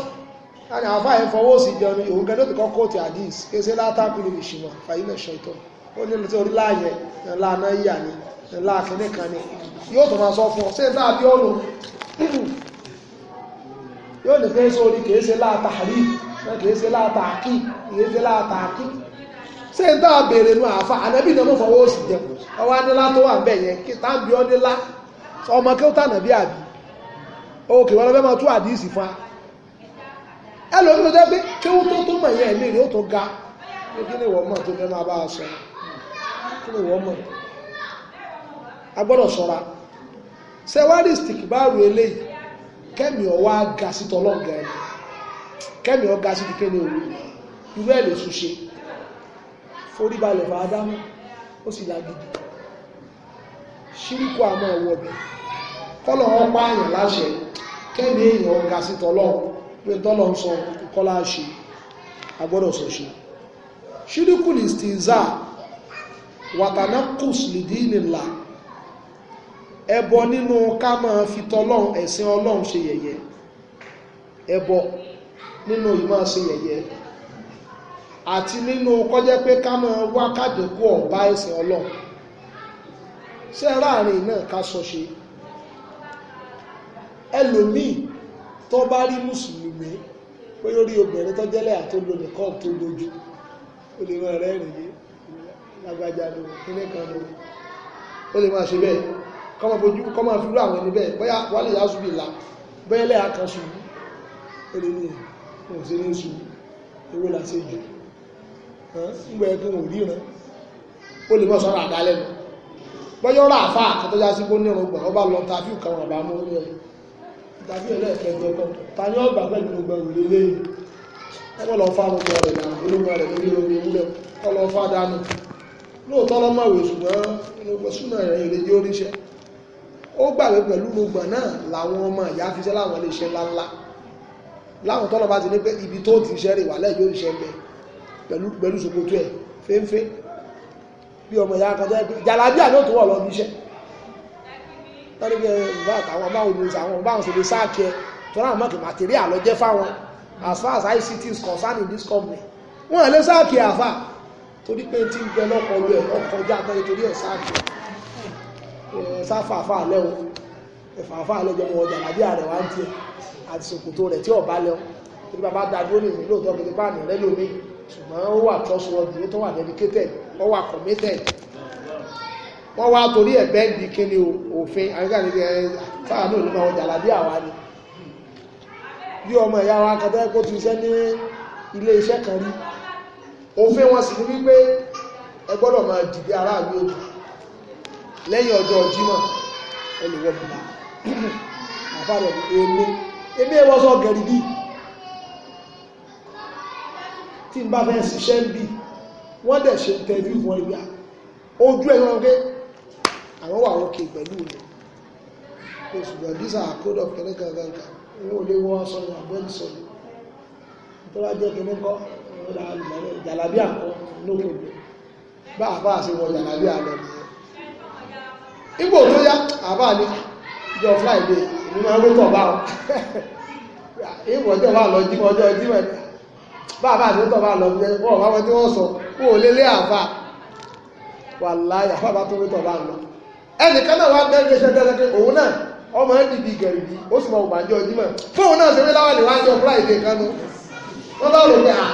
láti àfáà ẹ̀ fọwọ́ sí jẹun òun gẹ́gẹ́ tó kọ́ kóòtù àdìs kéṣe látàkùn ìṣìnà fàyílẹ̀ ṣọ́ìtọ́nù ó ní lọ sí orí láàyè ńlá náà yà ní ńlá àfínì kan ni yóò tó máa sọ fún ọ sí ìta àbí ọ̀nà yóò ní fẹ́ sórí kìí ṣe láàtà rí kìí ṣe láàtà kí kìí ṣe láàtà kí sí ìta àbèrè nu àfa ànábì náà mọ̀ fọwọ́ sí jẹ ọwọ́ anílá tó wà ń bẹ̀ yẹn kí táàbí ọ nílá ọmọ kí ó tànàbí àbí òkè wọn lọ fẹ́ máa tú àdíìsì fún wa ẹlòmíràn tó jẹ́ pé kí ó tó tó mọ̀ yẹn ẹ̀mí rẹ̀ ó tó ga ní kí ni ìwọ̀n mọ̀ tó fẹ́ máa bá a sọ kí ni wọ́n mọ̀ a gbọ́dọ̀ ṣọ́ra sẹ́wárì stick bá rò eléyìí kẹ́mi ọ̀wá ga sí tọ́lọ́ọ̀gá ẹni kẹ́mi ọ̀gá sí kíkẹ́ ní òru irú ẹ̀ lè ṣuṣe forí balẹ̀ fà ádámù ó sì lágídí ṣíríkù àmọ́ ọwọ́ bẹ̀ kọ́lọ̀ wọn pa àyàn láṣẹ kẹ́mi èèyàn ọ̀gá sí tọ́lọ́ọ̀ pé tọ́lọ́ ń sọ kọ́lá ṣe a gbọ́dọ̀ sọ ṣe ṣíríkù ní stinza wàtàná kùsùlìdí nìlà ẹbọ nínú ká máa fi tọlọ́run ẹ̀sìn ọlọ́run ṣe yẹ̀yẹ́ ẹbọ nínú ìmọ̀ ṣe yẹ̀yẹ́ àti nínú kọjẹ́ pé ká máa wá kádìkú ọ̀bá ẹ̀sìn ọlọ́run ṣé láàrin náà ká sọ ṣe ẹlòmíì tó bá rí mùsùlùmí pé lórí obìnrin tó jẹ́lẹ̀ àtolónìkan tó lójú ó lè rán ẹ̀rẹ́ rìn yìí lágbájá ló kíní kan ló ó lè máa ṣe bẹ́ẹ̀ kọ́mọ fojú kọ́mọ fi rú àwọn ẹni bẹ́ẹ̀ bóyá wà lè yá ṣubú ìlà bóyá lẹ́yà kan ṣubú ó lè ní òun ṣe ní ṣubú ewé là ṣe jù ńgbẹ́ tó ń ríran ó lè mọ́ sọ́rọ̀ àdá lẹ́nu bóyá ọ̀rọ̀ àfa àkọ́tọ́já sí kó nírun gbà ọba lọ tàfíù kan rọ̀bà mú ní ẹ̀ tàbí ẹlẹ́ẹ̀kẹ́jọ kan ta ni ọgbà pẹ̀lú gbogbo ìrèlè lẹ́yìn ẹgbẹ́ lọ fá gbogbo rẹ̀ dànù ológun rẹ̀ lórí omi lóòótọ́ lọ́mọ̀wé ṣùgbọ́n nínú súnà rẹ̀ èrè jẹ́ oríṣẹ́ ó gbàgbé pẹ̀lú rúgbọ̀n náà làwọn ọmọ ìyá fi ṣẹ́ láwọn iléeṣẹ́ ńláńlá láwọn tọ́lọ́ bá ti ní pé ibi tó ti ṣẹ́ rè wà lẹ́yìn yóò ṣẹ́ bẹ pẹ̀lú pẹ̀lú ṣòkòtò ẹ̀ fẹ́ẹ́fẹ́ bí ọmọ ìyá kan jẹ́ jàlábí àná tó wọ̀ lọ bí iṣẹ́ tọ́lú bí ẹ̀rọ àtàwọn báwọn olùsọ àwọn báwọn ṣe lè sáàkì ẹ tọ́lá àwọn mọ̀kì màtẹ́ríà lọ jẹ́ fáwọn as far as ICT is concerned in this company wọ́n lè sáàkì àfà torí pé tí ń bẹ lọ́pọ̀lọ́ ẹ̀ ọkọjá tán nítorí ẹ̀ sáàkì sáfàfà lẹ́wọ̀n ẹ̀fàfà lẹ́jọ́ mọ̀ ọjà àbí ààrẹ wá ń tiẹ̀ àti ṣòkòtò rẹ̀ tí ọ̀bá lẹ́wọ̀n torí bàbá dàdúró nìyí lóòótọ́ kìí pààyàn rẹ lómi ṣùgbọ́n ó wà trustworthy ó tó wà dedicated ó wà committed wọ́n wá torí ẹ̀ bẹ́ẹ̀dì kíni òfin àríkà ní sáà náà nípa ọjà àbí àwa ni bí ọmọ ìyá wa kan tẹ́ kó ti iṣẹ́ ní ilé iṣẹ́ kan rí òfin wọn sì ní wípé ẹ gbọ́dọ̀ máa dìbí aráàlú òkú lẹ́yìn ọjọ́ Jímọ̀ ẹ lè wọ bùbá àfàdé èmi èmi ẹwọ́ sọ gẹ̀rì bí tí n bá fẹ́ ṣiṣẹ́ ń bì wọ́n dẹ̀ ṣe interview fún ìgbà ojú ẹ̀ wọn pé àwọn wà òkè pẹ̀lú rẹ̀ oṣù bọ̀ code of kẹ́lẹ́kẹ́lẹ́kẹ́ wọn ò lè wọ́n sọ ní àbẹ́lì sọ ní tó bá jẹ́ kẹ́lẹ́kọ́ jàlábí àkọ́ lókè bá àbá àṣẹ wọ jàlábí àlọ́ ìgbò tó yá àbá ní jọ friday ní máa rú tọ̀ bá ọ ìwọ̀ ọjọ́ bá lọ jímọ̀ ọjọ́ jímọ̀ bá àbá àti tọ̀ bá lọ jẹ́ wọ́n bá wọ́n tí wọ́n sọ kó o lélé àbá wà láyé àbá bá tó rú tọ̀ bá lọ ẹnìkan náà wá bẹ́ẹ̀ ṣe tẹ́lẹ̀ pé òun náà ọmọ ẹ̀ dìbì gẹ̀rìbì ó sì mọ ògbàjọ́ jímọ̀ fóun náà ṣe wé láwàlẹ̀ wájọ friday kanu wọ́n bá rò pé à ah,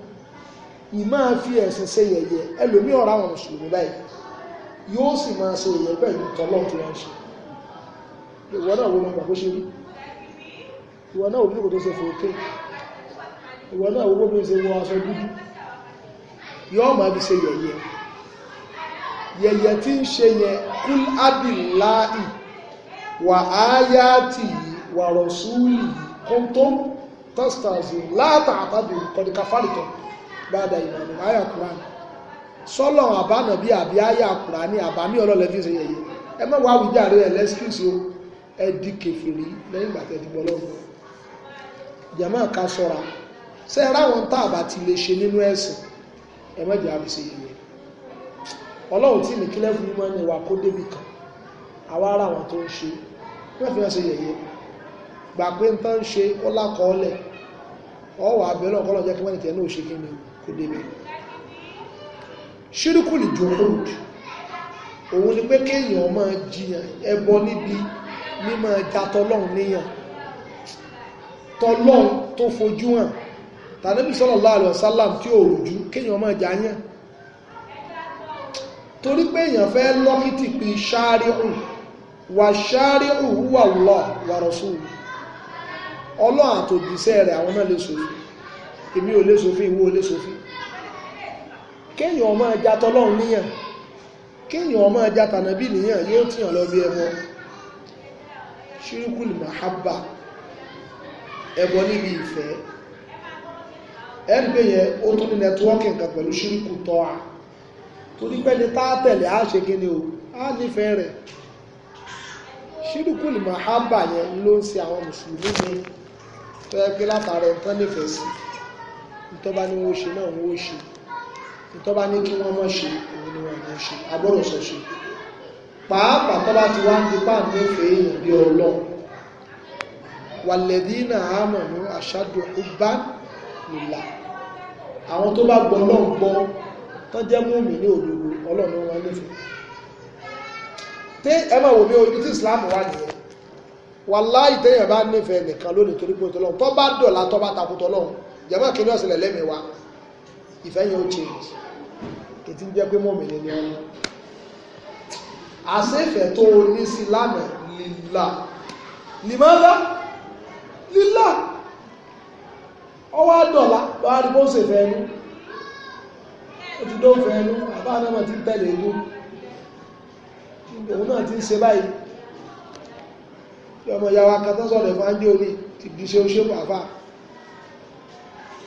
ìmáa fi ẹ̀sìn ṣe yẹ̀yẹ́ ẹlòmíì ọ̀rọ̀ àwọn mùsùlùmí báyìí yóò sì máa ṣe yẹ̀yẹ́ pẹ̀lú tọ́lọ́n tí wọ́n ṣe ìwọ náà wo máa gbà bó ṣe rí ìwọ náà òbí kò tó ṣe fòókè ìwọ náà wo bóbi ṣe wọ aṣọ dúdú yóò máa fi ṣe yẹ̀yẹ́ yẹ̀yẹ́ tí ń ṣe yẹn kúl ábìláì wà áyátì wà rọ̀ṣúlì kóńtó tọ́sítàṣì látàtàbí kọ̀díkàfàlìtọ̀ bàdà ìmọ̀nù àyà quran sọ́lọ̀ àbánàbí àbí àyà quran ní àbámí ọlọ́lẹ̀ fi ṣe yẹyẹ ẹ mọ́ wá wíjà rẹ lẹ́sìkìsì o ẹ di kẹfìrí lẹ́yìn ìgbà tẹ́tí bọ́ lọ́wọ́ jẹ̀mọ́ ká sọ́ra ṣe ráwọn tá àbá ti lè ṣe nínú ẹ̀sìn ẹ mọ́ jẹ́ àbí ṣe yẹyẹ ọlọ́run tí nìkílẹ̀ fún mímọ́ ni wà kó débì kan àwa ara àwọn tó ń ṣe wọ́n fi hàn ṣe yẹyẹ gbà ń tán ṣe ó lákọọ́lẹ̀ ọwọ́ àbẹ̀lọ́ ọ̀kọ́lọ́ jẹ́ kí wọ́n ní tẹ̀ náà ṣe ni o kò débẹ̀ ṣírùkù lè jò hold òun ni pé kéèyàn máa jiyàn ẹbọ níbi mímọ ja tọlọ́run níyàn tọlọ́run tó fojú hàn tàbí sallallahu alaihi wasallam tí ò rújú kéèyàn máa jà yàn torí pé èèyàn fẹ́ lọ́kìtì pé ṣáríhù wà ṣáríhù wà Allah wà rasuluhu ọlọ́run àtòjíṣẹ́ rẹ̀ àwọn náà lè èmi ò lè sòfin ìwọ ò lè sòfin kéèyàn ọmọ ẹja tọlọ́run níyàn kéèyàn ọmọ ẹja tànàbí níyàn yóò tíyàn lọ bí ẹbọ ṣírúkùlù mahabba ẹbọ níbi ìfẹ́ ẹgbẹ́ yẹn ó tún ní nẹtíwọ́kì nǹkan pẹ̀lú ṣírúkù tọ́ a torí pé ní tátẹ̀lẹ̀ á ṣe kí ni o á nífẹ̀ẹ́ rẹ̀ ṣírúkùlù mahabba yẹn ló ń ṣe àwọn mùsùlùmí ní tẹ́ẹ̀kí látara ẹ̀tán nífẹ̀ẹ́ sí i ìtọ́ba ní wọ́n ṣe náà wọ́n ṣe ìtọ́ba ní kí wọ́n mọ̀ ṣe òun ni wọ́n mọ̀ ṣe agbọ́dọ̀ sọ ṣe pàápàá tọ́ba ti wá ń di páàmì ìfẹ́ èèyàn bí ọlọ́run wàlẹ̀dínà àmọ̀nú àṣàdù ọba nìlà àwọn tó bá gbọ́ ọlọ́run gbọ́ tán jẹ́ múmi ní òdodo ọlọ́run wọn nífẹ̀ẹ́ tí ẹ máa wò mí o ibi tí Islam wà nìyẹn wàláì téèyàn bá nífẹ̀ẹ́ nìkan lónìí torí pé tọlọ́run tó bá dọ̀la tó bá takò tọlọ́run jama kí ní ọ̀sẹ̀lẹ̀ lẹ́mìí wa ìfẹ́ ó change kì ti jẹ́ pé mọ́mì ni wọ́n àṣẹ́fẹ̀ tó o ní sí lánàá lílà lìmọ́lá lílà ọwọ́ àdọ̀lá lọ́wọ́ àdìbò ṣèfẹ́ ẹnu ó ti dó fẹ́ ẹnu àbá náà ti tẹ̀lé ẹnu òun náà ti ń ṣe báyìí ọmọ ìyàwó akatọ́sọ̀rọ̀ ẹ̀fọ́ ájé orí ti di ṣe ó ṣe pàápàá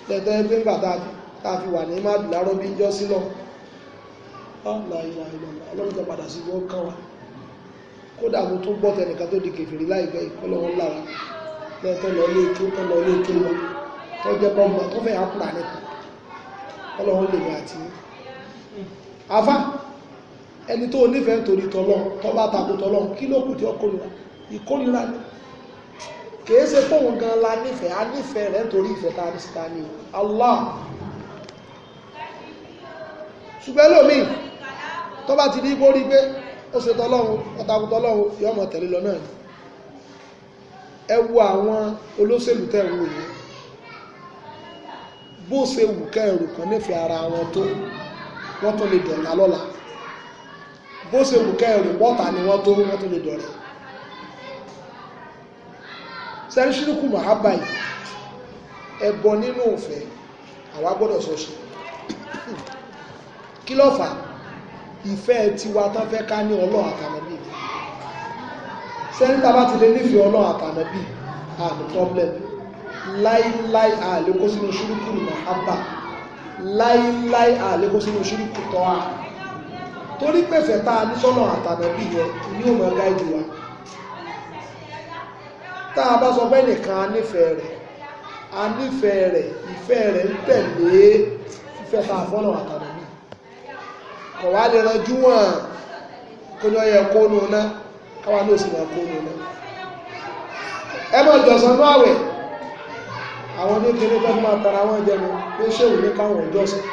tẹ́tẹ́ pé ńgbà tá a fi wà ní máàdù lárọ́ bí jọ́ sílọ̀ ọlọ́run tó padà sí wọ́n kán wa kódà mo tún gbọ́ tẹnìkan tó di kèfèrí láìpẹ́ ìkọlọ́wọ́ lára lẹ́tọ́ lọ lé kí ó tán lọ lé kí ó wọn tó jẹ́ bọ́m̀bà tó fẹ́ àpùrà nìkan ọlọ́run lèmi àti afá ẹni tó nífẹ̀ẹ́ torí tọlọ́run tó bá takò tọlọ́run kí ló kù tí ó kórìíra ìkórìíra ni kìí ṣe fóun gan la nífẹ̀ẹ́ a nífẹ̀ẹ́ rẹ̀ nítorí ìfẹ́ ta ní Allah ṣùgbọ́n lómi tó bá ti ní borí pé ó ṣe tọ́lọ́run ọ̀tàkùn tọ́lọ́run yọ ọmọ tẹ̀lé lọ náà ẹ wo àwọn olóṣèlú tẹ̀ ń wò yìí bó ṣe wù kẹrù kan nífẹ̀ẹ́ ara wọn tó wọ́n tó lè dọ̀la lọ́la bó ṣe wù kẹrù pọ́ta ni wọ́n tó wọ́n tó lè dọ̀rẹ́ sẹ́rí ṣírùkù màhábà yìí ẹbọ nínú òfẹ́ àwa gbọ́dọ̀ sọ ṣe kí ló fà ìfẹ́ tiwa tán fẹ́ ká ní ọlọ́run àtànàbí sẹ́rí tá a bá ti lè nífẹ̀ẹ́ ọlọ́run àtànàbí and problem láíláí àlékó sínú ṣírùkù màhábà láíláí àlékó sínú ṣírùkù tọ́wà torí pẹ̀fẹ̀ tá a ní sọ́nà àtànàbí yẹn ni ó mọ̀ gáìdì wa tá a bá sọ pé nìkan a nífẹ̀ẹ́ rẹ̀ a nífẹ̀ẹ́ rẹ̀ ìfẹ́ rẹ̀ ń tẹ̀lé fífẹ́ tá a fọ́nà àtàrà mi kò wá lè ranjú wọn kó ní ọyẹ kó nu ná káwa ní òsì máa kó nu ná ẹ mọ̀ jọ̀sán náà wẹ̀ àwọn oníkéré tó máa tara wọn jẹnu ló ṣèwò ní káwọn òjọ́sìn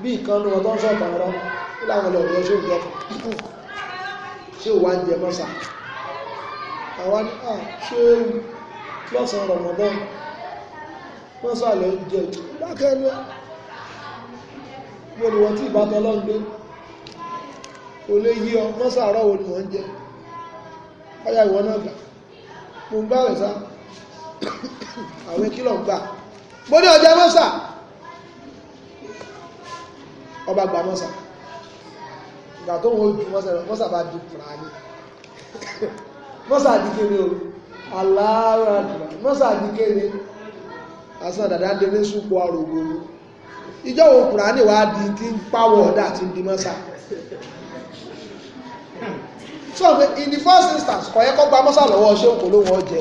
bí ìkan ní wọn tó ń sọ̀tàn rọ láwọn ọlọ́ọ̀dọ́ ṣèwò jọ ṣèwò wá ń jẹ mọ́sà àwa ní à ah, ṣé ewu lọ́sàn-án Ramadan wọ́n sàlẹ̀ jẹ lákẹ́lú mo ní wọ́n tí ìbátan lọ́n gbé kò lè yí ọ wọ́n sàárọ̀ wo ni wọ́n jẹ ọya ìwọ náà gbà mo ń gbà rẹ̀ sá àwọn kílọ̀ ń gbà mo ní ọjà mọ́sà ọba gbà mọ́sà ìgbà tó wọ́n ju mọ́sà bá di fúra mọ́sàdíkéré o aláàràdùmá mọ́sàdíkéré asán dàdá ń délé súpọ̀ arógbó ni ìjọ wo kùránì wá di tí ń pàwọ̀ ọ̀dà tí ń di mọ́sà so in the first instance kọ̀yẹ́ kọ́ gba mọ́sà lọ́wọ́ ṣé òkò ló wọ́n jẹ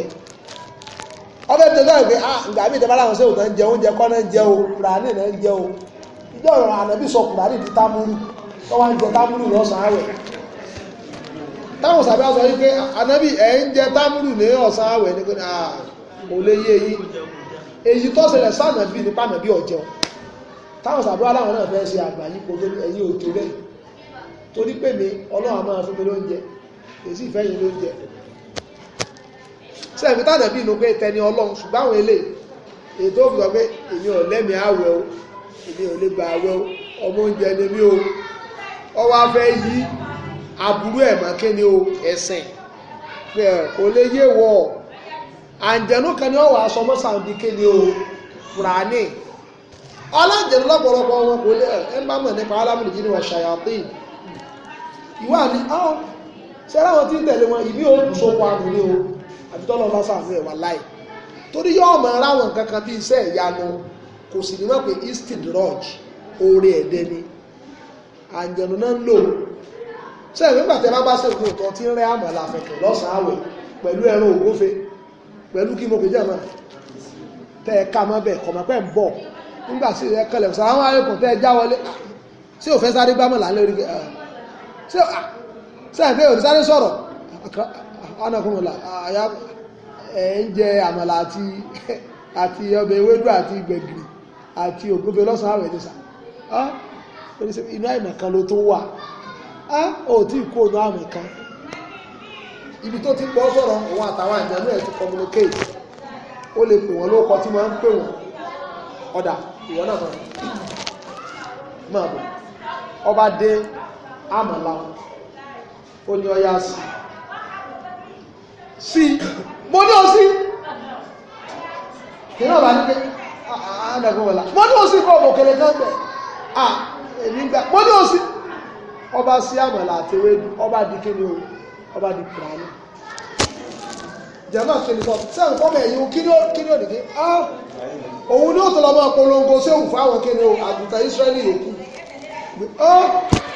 ọbẹ̀ tó dọ̀ pé ah ìgbà mi ìjọba làwọn ṣé òkò náà jẹ oúnjẹ kọ́ náà jẹ o kùránì náà jẹ o ìjọ ìrọ̀ ànábì sọ kùránì di támúrù tó wá ń jẹ támúrù lọ́sàn-án rẹ̀ táwọn sàbí aṣọ yìí pé anábì ẹ̀ ń jẹ támúrù ní ọ̀sán àwẹ̀ ní pé ah, kò lè yé eyín èyí tó ṣẹlẹ̀ sànàbí ní pànàbí ọ̀jẹun táwọn sàbí aláwọn náà fẹ́ ṣe àgbà yìí kò ẹ̀yìn òjò rẹ̀ torí pé mi ọlọ́run máa fún mi lóúnjẹ èsì ìfẹ́ yìí lóúnjẹ sẹ́ẹ̀mí tànàbí inú pé tẹni ọlọ́run ṣùgbọ́n àwọn eléyìí ètò òfin sọ pé èmi ò lẹ́mìí àwẹ̀ o èmi ò lè gbà àwẹ̀ o ọmọ oúnjẹ ni mi o ọwọ́ afẹ́ aburú ẹ̀ mọ́ kéde o ẹ̀sìn kò lè yé wọ àǹjẹ̀nú kan ni ọ̀wọ́ aṣọ mọ́sàn-án di kéde o fúlàní ọlọ́jẹ̀nú lọ́pọ̀lọpọ̀ wọn kò lè ẹ̀ ń bá mọ̀ nípa alámúlò yìí ni wọ́n ṣàyàtì ìwà ni ọ́ ṣe láwọn tí ń tẹ̀lé wọn ìbí o àti tọ́lọ́ bá sàfihàn láì torí yóò mọ̀ ráwọn kankan bí iṣẹ́ ìyanu kò sì ní eastern ṣe ìwé gbàtẹ́ bá bá ṣègùn ìtọ́ tí ń rẹ́ àmọ́ làfẹ̀kẹ̀ lọ́sàn-án àwẹ̀ pẹ̀lú ẹran ògúnfe pẹ̀lú kí mo pè jẹ́ mọ́ tẹ́ ẹ ká mọ́ bẹ́ẹ̀ kọ̀mọ́ pẹ́ ń bọ̀ nígbà sí ẹ kẹlẹ̀ sàráwọn àrẹ́kùn tẹ́ ẹ já wọlé sí ah, òfẹ́ sáré gbámọ̀ lálẹ́ orí ṣe ìfẹ́ òrí sáré sọ̀rọ̀ anakùnrinlá àyà ah, ẹ̀ ń jẹ àmàlà àti àti ọbẹ̀ ewédú àti gbẹ̀gìrì àti ògúnfe lọ́sàn-án àwẹ̀ ti sà ah, inú àìmọ̀ kan ló tó wà á ò tí ì kó onú àmì kan ibi tó ti pọ̀ sọ̀rọ̀ òun àtàwọn àjẹmú ẹ̀ ti communicate ó lè pè wọ́n lóko tí wọ́n ń pè wọ́n ọ̀dà ìwọ náà máa máa bọ̀ ọba dé àmàlà ó ní ọya sí sí mo ní ọ sí kìí náà bá ní pé àádọ́gbọ̀n wọ̀lá mo ní ọ sí kọ́ ọ̀bọ̀ kẹlẹ̀ kan bẹ̀ à èmi gbà mo ní ọ sí ọba sí àmàlà àti ewédú ọba di kíni o ọba di kùránù jẹ́mọ̀ twenty four sẹ́yìn fọ́mọ̀ ẹ̀yìn kíni ó kíni ó nìkí á òun ní òtún lọ́mọ polongo séwù fáwọn kíni o àgùntàn Ísírẹ́lì yòókù ó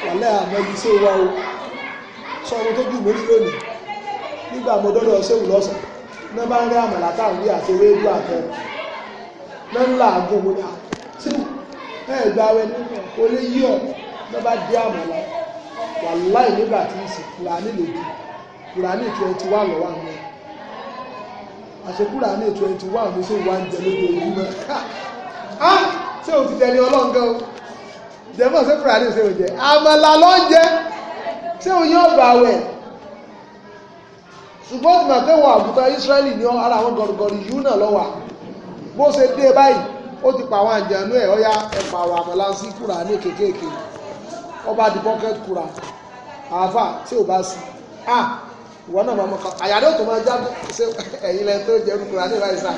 wàlẹ́ àmọ́jú sí wa o sọ ọmọ tó jù mórí lónìí nígbà mo dọ́dọ̀ séwù lọ́sàn náà bá ń rí àmàlà táwọn bí àti ewédú àtẹ náà ń là àgùn mo ní à ẹ̀ gbà wẹ́n kò ọ̀ wàláì nígbà tí ń sì kùránì lòdì kùránì twenty one lọ́wọ́ àwọn ẹ̀ àṣẹ kùránì twenty one ló sì ń jẹ lójoojúmọ́ ká ṣé o ti tẹ̀lé o ṣé kùránì ṣe àmàlà ló ṣé o wẹ̀ ṣùgbọ́n tí màá tẹ́wọ̀ ara àwọn yìí náà ó ti pa àwọn ẹ̀ àwọn àmàlà sí ọba di pocket kura àáfà tí ò bá sí a ìwọ náà máa mọ ká àyàdó tó máa jáde ṣe ẹ̀yin lẹ tó jẹ kura ní ìlà ìsà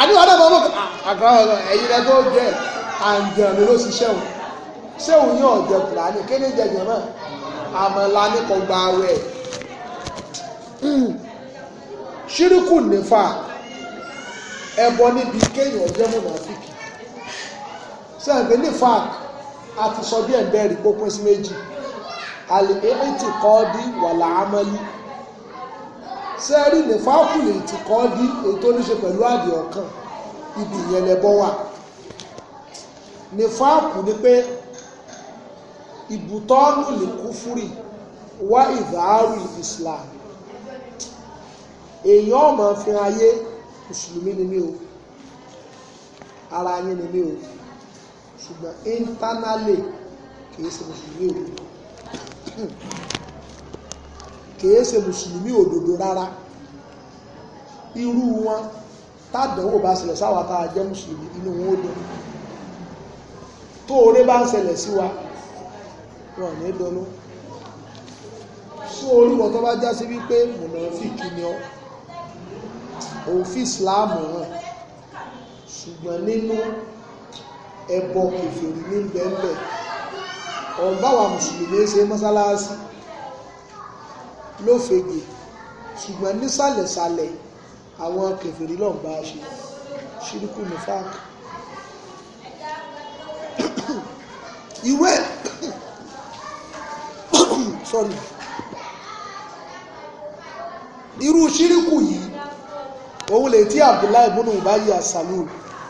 àníwọ náà máa mọ ká àgbà ẹ̀yin lẹ tó jẹ àǹjẹ̀mí ló ṣiṣẹ́ o ṣé òun yóò jẹ kura ní kéde jẹjẹ náà àmàlà ní kò gba awẹ ṣírìkù nífà ẹbọ níbi kéèyàn jẹ mọnàfíkì sẹ́yìn pé nífà a ti sọ díẹ̀ bẹ́ẹ̀ rí pópin sí méjì àlèéhìn ti kọ́ dí wàlà ámọ́lí sẹ́ẹ̀rì lè fákùlì ti kọ́ dí èyí tó ní ṣe pẹ̀lú àdì ọ̀kan ibi ìyẹn lẹ́bọ́ wà ní fáàkù ni pé ìbùtọ́nù lè kú fúrì wá ìdáàrù Islam èèyàn ọmọ fi ayé mùsùlùmí ni mí o ara yín ni mí o ṣùgbọ́n internally kìí ṣe mùsùlùmí òdodo kìí ṣe mùsùlùmí òdodo rárá irú wọn tádánwò bá ṣẹlẹ̀ sáwà tá a jẹ́ mùsùlùmí inú wọn ó dùn tó oore bá ń ṣẹlẹ̀ sí wa wọn ní dọnú sún oríwọ̀ tó bá já sí wípé mùnàfíkì ni ọ́ òun fi ìsìláàmù hàn ṣùgbọ́n nínú ẹbọ kèfèrí ní bẹ́ẹ̀bẹ́ ọ̀nbáwà mùsùlùmí ṣe mọ́sálásí ló fege ṣùgbọ́n nísàlẹ̀sàlẹ̀ àwọn kèfèrí lọ́n bá ṣe ṣírùkù nifak ìwé sorry irú ṣírùkù yìí òun lè tí Abdullahi ibùnú bá yí àṣàlù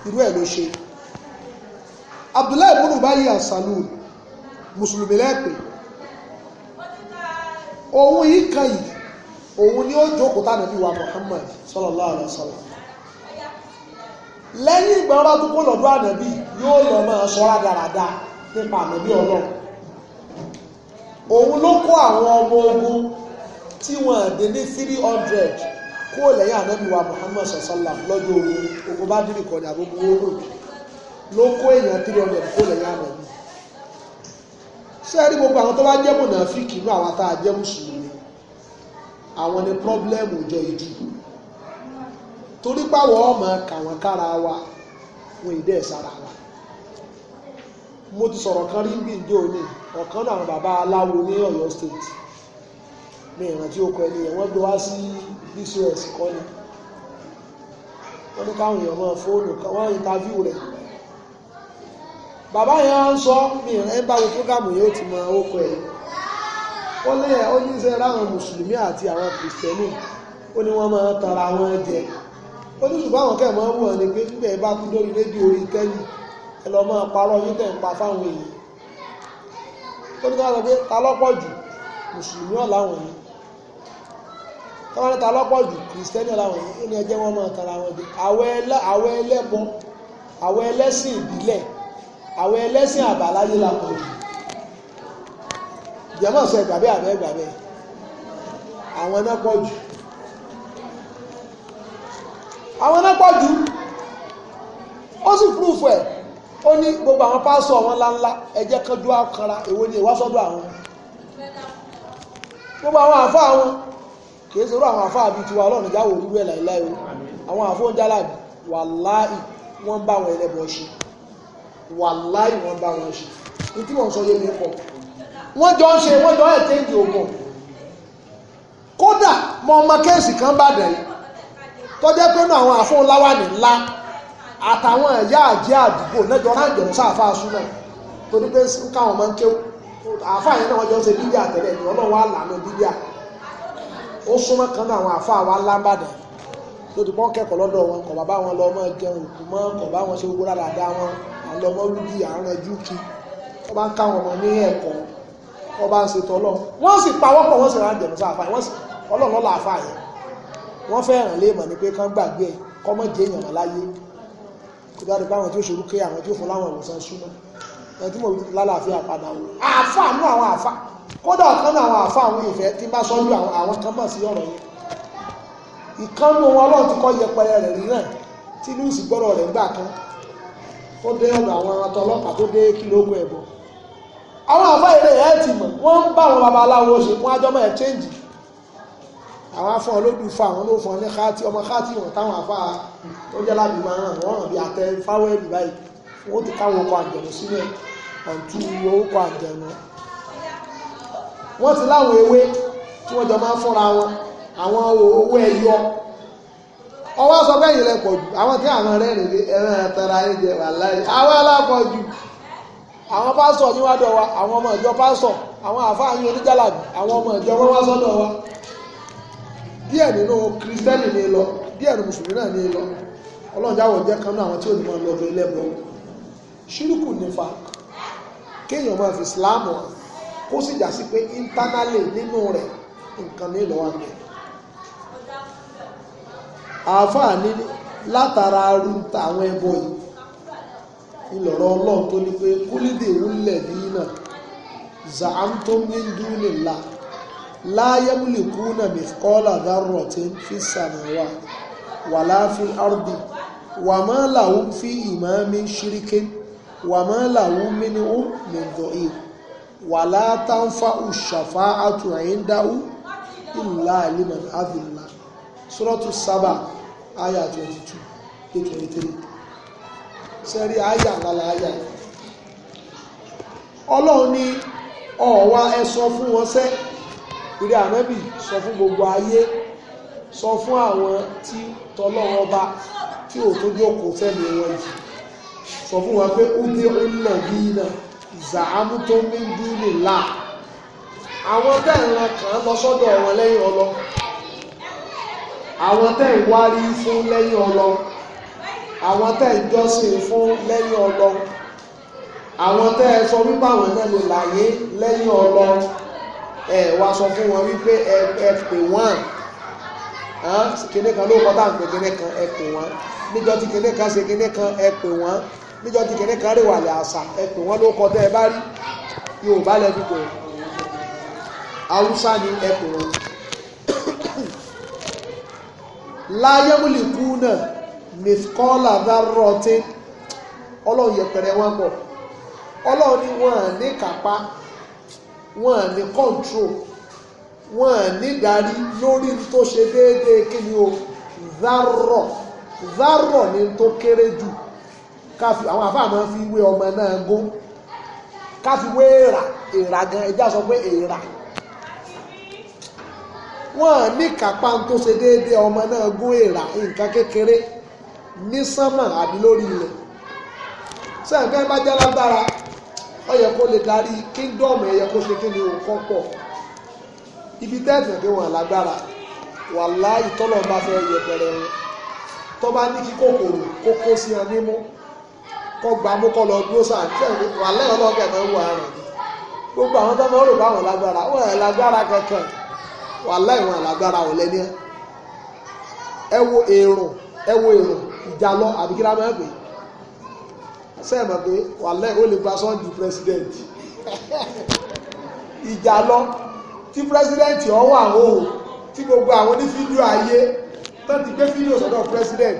irú ẹ̀ ló ṣe abdullahi ibn ubayi asalul mùsùlùmí lẹ́pẹ́ òun yìí kan yìí òun ni ó jókòó tá nàbí wa muhammad sallallahu alaihi wasallam lẹ́yìn ìgbà wọn tó kó lọ́dọ̀ ànàbí yóò lọ máa ṣọ́ra dáradára nípa ànàbí ọlọ́run òun ló kó àwọn ọmọ ogun tí wọ́n dé ní three hundred kó lẹ́yìn ànàbí wa muhammad sallallahu alaihi wasallam lọ́jọ́ ogun ogun bá dìrì kọ́ni àbúgbò ogun ló kó èèyàn three hundred kó lẹ́yìn ànábì ṣé ẹ rí gbogbo àwọn tó bá jẹ́ mùnàfíkì inú àwọn tá a jẹ́ mùsùlùmí àwọn ni pọ́blẹ́mù òjò ìdí torí páwọ̀ ọmọ kàwọn kára wa wọn ìdí ẹ̀ sára wa mo ti sọ̀rọ̀ kan rí bí ìjọ òní ọ̀kan náà àwọn bàbá aláwo ní Ọ̀yọ́ state mi ìrántí ó kọ ẹni yẹn wọ́n gbé wá sí bcos kọ́ni wọ́n ní káwọn èèyàn máa fóònù wọ́n interview rẹ̀ bàbá yẹn á ń sọ mi ẹ bá wo fúgàmù yóò ti mọ orúkọ ẹ ó ní ẹ ó ní sẹ láwọn mùsùlùmí àti àwọn kìrìsìtẹ́nì ó ní wọ́n máa tara wọn jẹ ó ní ṣùgbọ́n àwọn kẹ́ẹ̀ máa ń wọ̀ ni pé nígbà ẹ bá kú lórí rédíò orí tẹ́lì ẹ lọ máa parọ́ yín tẹ̀ ń pa fáwọn èèyàn ó ní ká sọ pé ta lọ́pọ̀ jù mùsùlùmí ọ̀làwọ̀n yìí tọ́wọ́n ní ta lọ́pọ̀ jù kìrìsìtẹ́nì ọ̀làwọ̀n yìí ó ní ẹjẹ́ wọn máa tara wọn jẹ àwọn ẹlẹ́bọn àwọn ẹlẹ́sìn àwọn ẹlẹ́sìn àbáláyé la pọ̀ jù jẹ́mọ̀ sọ ìgbàbẹ́ àbẹ́ ìgbàbẹ́ àwọn náà pọ̀ jù àwọn náà pọ̀ jù ó sì proof ẹ̀ ó ní gbogbo àwọn pásọ̀ wọn láńlá ẹjẹ́ kánjú àkànra èwo ni ìwásọ́dọ̀ àwọn gbogbo àwọn àfá àwọn kìí sọ̀rọ̀ àwọn àfá àbí tiwa ọlọ́run jáwò orúwẹ̀ láìláì àwọn àfó ń jálàbí wàláì wọ́n bá wọn ẹlẹ́bọ̀ ṣe wàláì wọ́n bá wọn ṣe ní tí wọ́n sọ yé mi pọ̀ wọ́n jọ ń ṣe wọ́n jọ ẹ̀ tẹ́ǹdì ogun kódà mọ ọmọ kéèsì kan bá dẹ̀ yìí tọ́jẹ́ pé náà àwọn àfọ́nláwánì ńlá àtàwọn ẹ̀yà àjẹ́ àdúgbò nẹ́jọ ráńjọ̀ sáàfà súnà torí pé káwọn máa ń ké àfà yẹn náà wọ́n jọ ń ṣe bíbí àtẹ̀lẹ̀ ní ọlọ́wọ́ àlànà bíbí à ó súnmọ́ kan náà àwọn àfà wa ńlá ń bàdàn lódì pọ́n kẹ́kọ̀ọ́ lọ́dọ̀ wọn kọ̀ bàbá wọn lọ ọmọ jẹun òkú mọ́ kọ̀ bá wọn ṣe gbogbo dáadáa wọn àlọ́mọ́lúdì àrànjú kí wọ́n bá ń káwọn ọmọ ní ẹ̀kọ́ wọ́n bá ń ṣe tọ́lọ́ wọ́n sì pawọ́pọ̀ wọ́n sì rán jẹ̀mú sáà fáyé wọ́n sì ọlọ́run lọ́la àfáà yẹn wọ́n fẹ́ ràn lé mọ̀ ní pé kán gbàgbé ẹ̀ kọ́mọ̀dé èèyàn wọn láyé kó bá rí báwọn tí ó ṣerú ké àwọn tí ó fún láwọn ìwòsàn súnmọ́ ẹni tí mo lálàáfíà padà wò àáfàá nú àwọn àáfàá kódà ọ̀kan náà àwọn àáfàá àwọn ìfẹ́ tí bá sọ́jú àwọn kan mọ̀ sí ọ̀rọ̀ yẹn ìkànnù wọn ọlọ́run ti kọ́ yẹpẹrẹ rẹ̀ rí náà tí lúùsì gbọ́rọ̀ rẹ̀ gbà kan ó dé ọ̀dọ̀ àwọn ẹranko ọlọ́pàá tó dé kìlọ̀ ogun ẹ̀bọ àwọn àbá eré ẹ̀ ti mọ̀ wọ́n ń bá àwọn babaláwo ṣe fún ajọ́mọ̀ ẹ̀ chẹ́ǹjì àwọn afọ olódù fa àwọn ló fọ ní káàtì ọmọ káàtì wọn táwọn afá tó jẹ́ lábì máa ràn wọ́n ràn bí àtẹ fáwẹ́ẹ̀lì báyìí wọ́n ti káwọn ọkọ̀ àjẹ̀nù sílẹ̀ àǹtú orúkọ àjẹ̀nù wọ́n ti láwọn ewé tí wọ́n jọ máa fúnra wọn àwọn owó ẹ̀yọ ọwọ́ sọ bẹ́ẹ̀ yìí lẹ́pọ̀ jù àwọn tí àwọn rẹ́rìn ní ẹ̀rọ ẹ̀tara yìí jẹ wà láyé àwọn alápọ̀ jù àwọn pásọ̀ níwájú wa àwọn ọmọ ìjọ pásọ̀ àwọn àfáàyàn oníjàlàbí àwọn ọmọ ìjọ wọn wá sọ́dọ̀ wa díẹ̀ nínú kristẹni ní lọ díẹ̀ nínú mùsùlùmí náà ní lọ ọlọ́run jáwọ̀ jẹ́ kan náà àwọn tí ò ní máa lọ bẹ lẹ́bọ ṣírùkù nífa kéèyàn máa fi ìsìláàmù kó sì jà sí pé íńtánálì nínú rẹ̀ nǹkan ní ìlọ́wọ́ àgbẹ̀ àáfàá ní látara aru àwọn ẹbọ yìí ńlọrọ Ọlọ́run tó ní pé kúlídì ìwúlẹ̀ bíi náà zàántóm ní dúnìlá láyémùlì kúnà mìkọ́là dárò tí ń fi sàmìwà wà láàfin ardi wà má làwọn fi ìmọ̀ọ́mí ṣíríkẹ́ wà má làwọn mínú mẹ́dọ̀ì wà látàǹfà òṣàfà àtúnyẹ̀dáwó ìlà àlìmọ̀ àbìlà sọ́rọ́tù sábà àyà twenty two dé twenty three sẹ́rí àyà lálá àyà ọlọ́run ní ọ̀wá ẹ sọ fún wọn sẹ́ ìrẹ́ ànábì sọ fún gbogbo ayé sọ fún àwọn tí tọlọ́run ọba tí ò tó jókòó sẹ́mi wọn yìí sọ fún wọn pé ó dé ọ̀nà bíi náà tó ń bí nílà àwọn bẹ́ẹ̀ ran kàn án lọ sọ́dọ̀ wọn lẹ́yìn ọlọ́run àwọn tẹ́ ń wárí fún lẹ́yìn ọlọ́run àwọn tẹ́ ń jọ́sìn fún lẹ́yìn ọlọ́run àwọn tẹ́ ẹ sọ wípé àwọn náà lè láyé lẹ́yìn ọlọ́run ẹ wá sọ fún wọn wípé ẹ pè wọ́n kíní kan ló kọ́tà ń pè kíní kan ẹ pè wọ́n níjọ́ tí kíní kan ṣe kíní kan ẹ pè wọ́n níjọ́ tí kíní kan rèwà lè àṣà ẹ pè wọ́n ló kọ́ tẹ́ ẹ bá rí Yorùbá lẹ́nu pè wọ́n Haúsá ni ẹ pè wọ́n láyémúlì kú náà mìkọ́lá dárọ́ tí ọlọ́run yẹpẹrẹ wọn pọ̀ ọlọ́run ni wọ́n ní kápá wọ́n ní kọ́ńtró wọ́n ní darí lórí tó ṣe déédéé kí ni o dárọ̀ dárọ̀ ni tó kéré jù káfí àwọn àfáà máa fi wé ọmọ náà gún káfí wé èrà èrà gan ẹjá sọ pé èrà wọ́n ní kápá tó ṣe déédéé ọmọ náà gún èèrà nǹkan kékeré ní sánmà àbí lórí ilẹ̀ sẹ́ǹkẹ́ bá jẹ́ lágbára ó yẹ kó lè darí kíngdọ́ọ̀mù ẹ̀ kó ṣe kí ni òǹkọ́ pọ̀ ibi tẹ́ẹ̀tẹ̀ pé wọ́n lágbára wàhálà ìtọ́lọ̀ bá fẹ́ yẹpẹrẹ wọn tó bá ní kí kòkòrò kókó sí ẹ nímú kọ́ gba mú kọ́ lọ dúró sáà tẹ́ẹ̀tẹ̀ wàhálà ọlọ́ọ̀kẹ́ náà wọ àrùn gbogbo àwọn tó máa ń rò báwọn lágbára wọn lágbára kankan wàhálà ìwọn àlágbára ọ̀lẹ ni ẹ wo èrùn ẹ wo èrùn ìjàlọ àbí kí lámẹ́ pé sẹ́ẹ̀ mọ̀ pé wàhálà ó lè gba sọ́ọ̀dì president ìjàlọ tí president ọwọ́ àwọn òun tí gbogbo àwọn ní fídíò ayé tó ti gbé fídíò sọ́dọ̀ president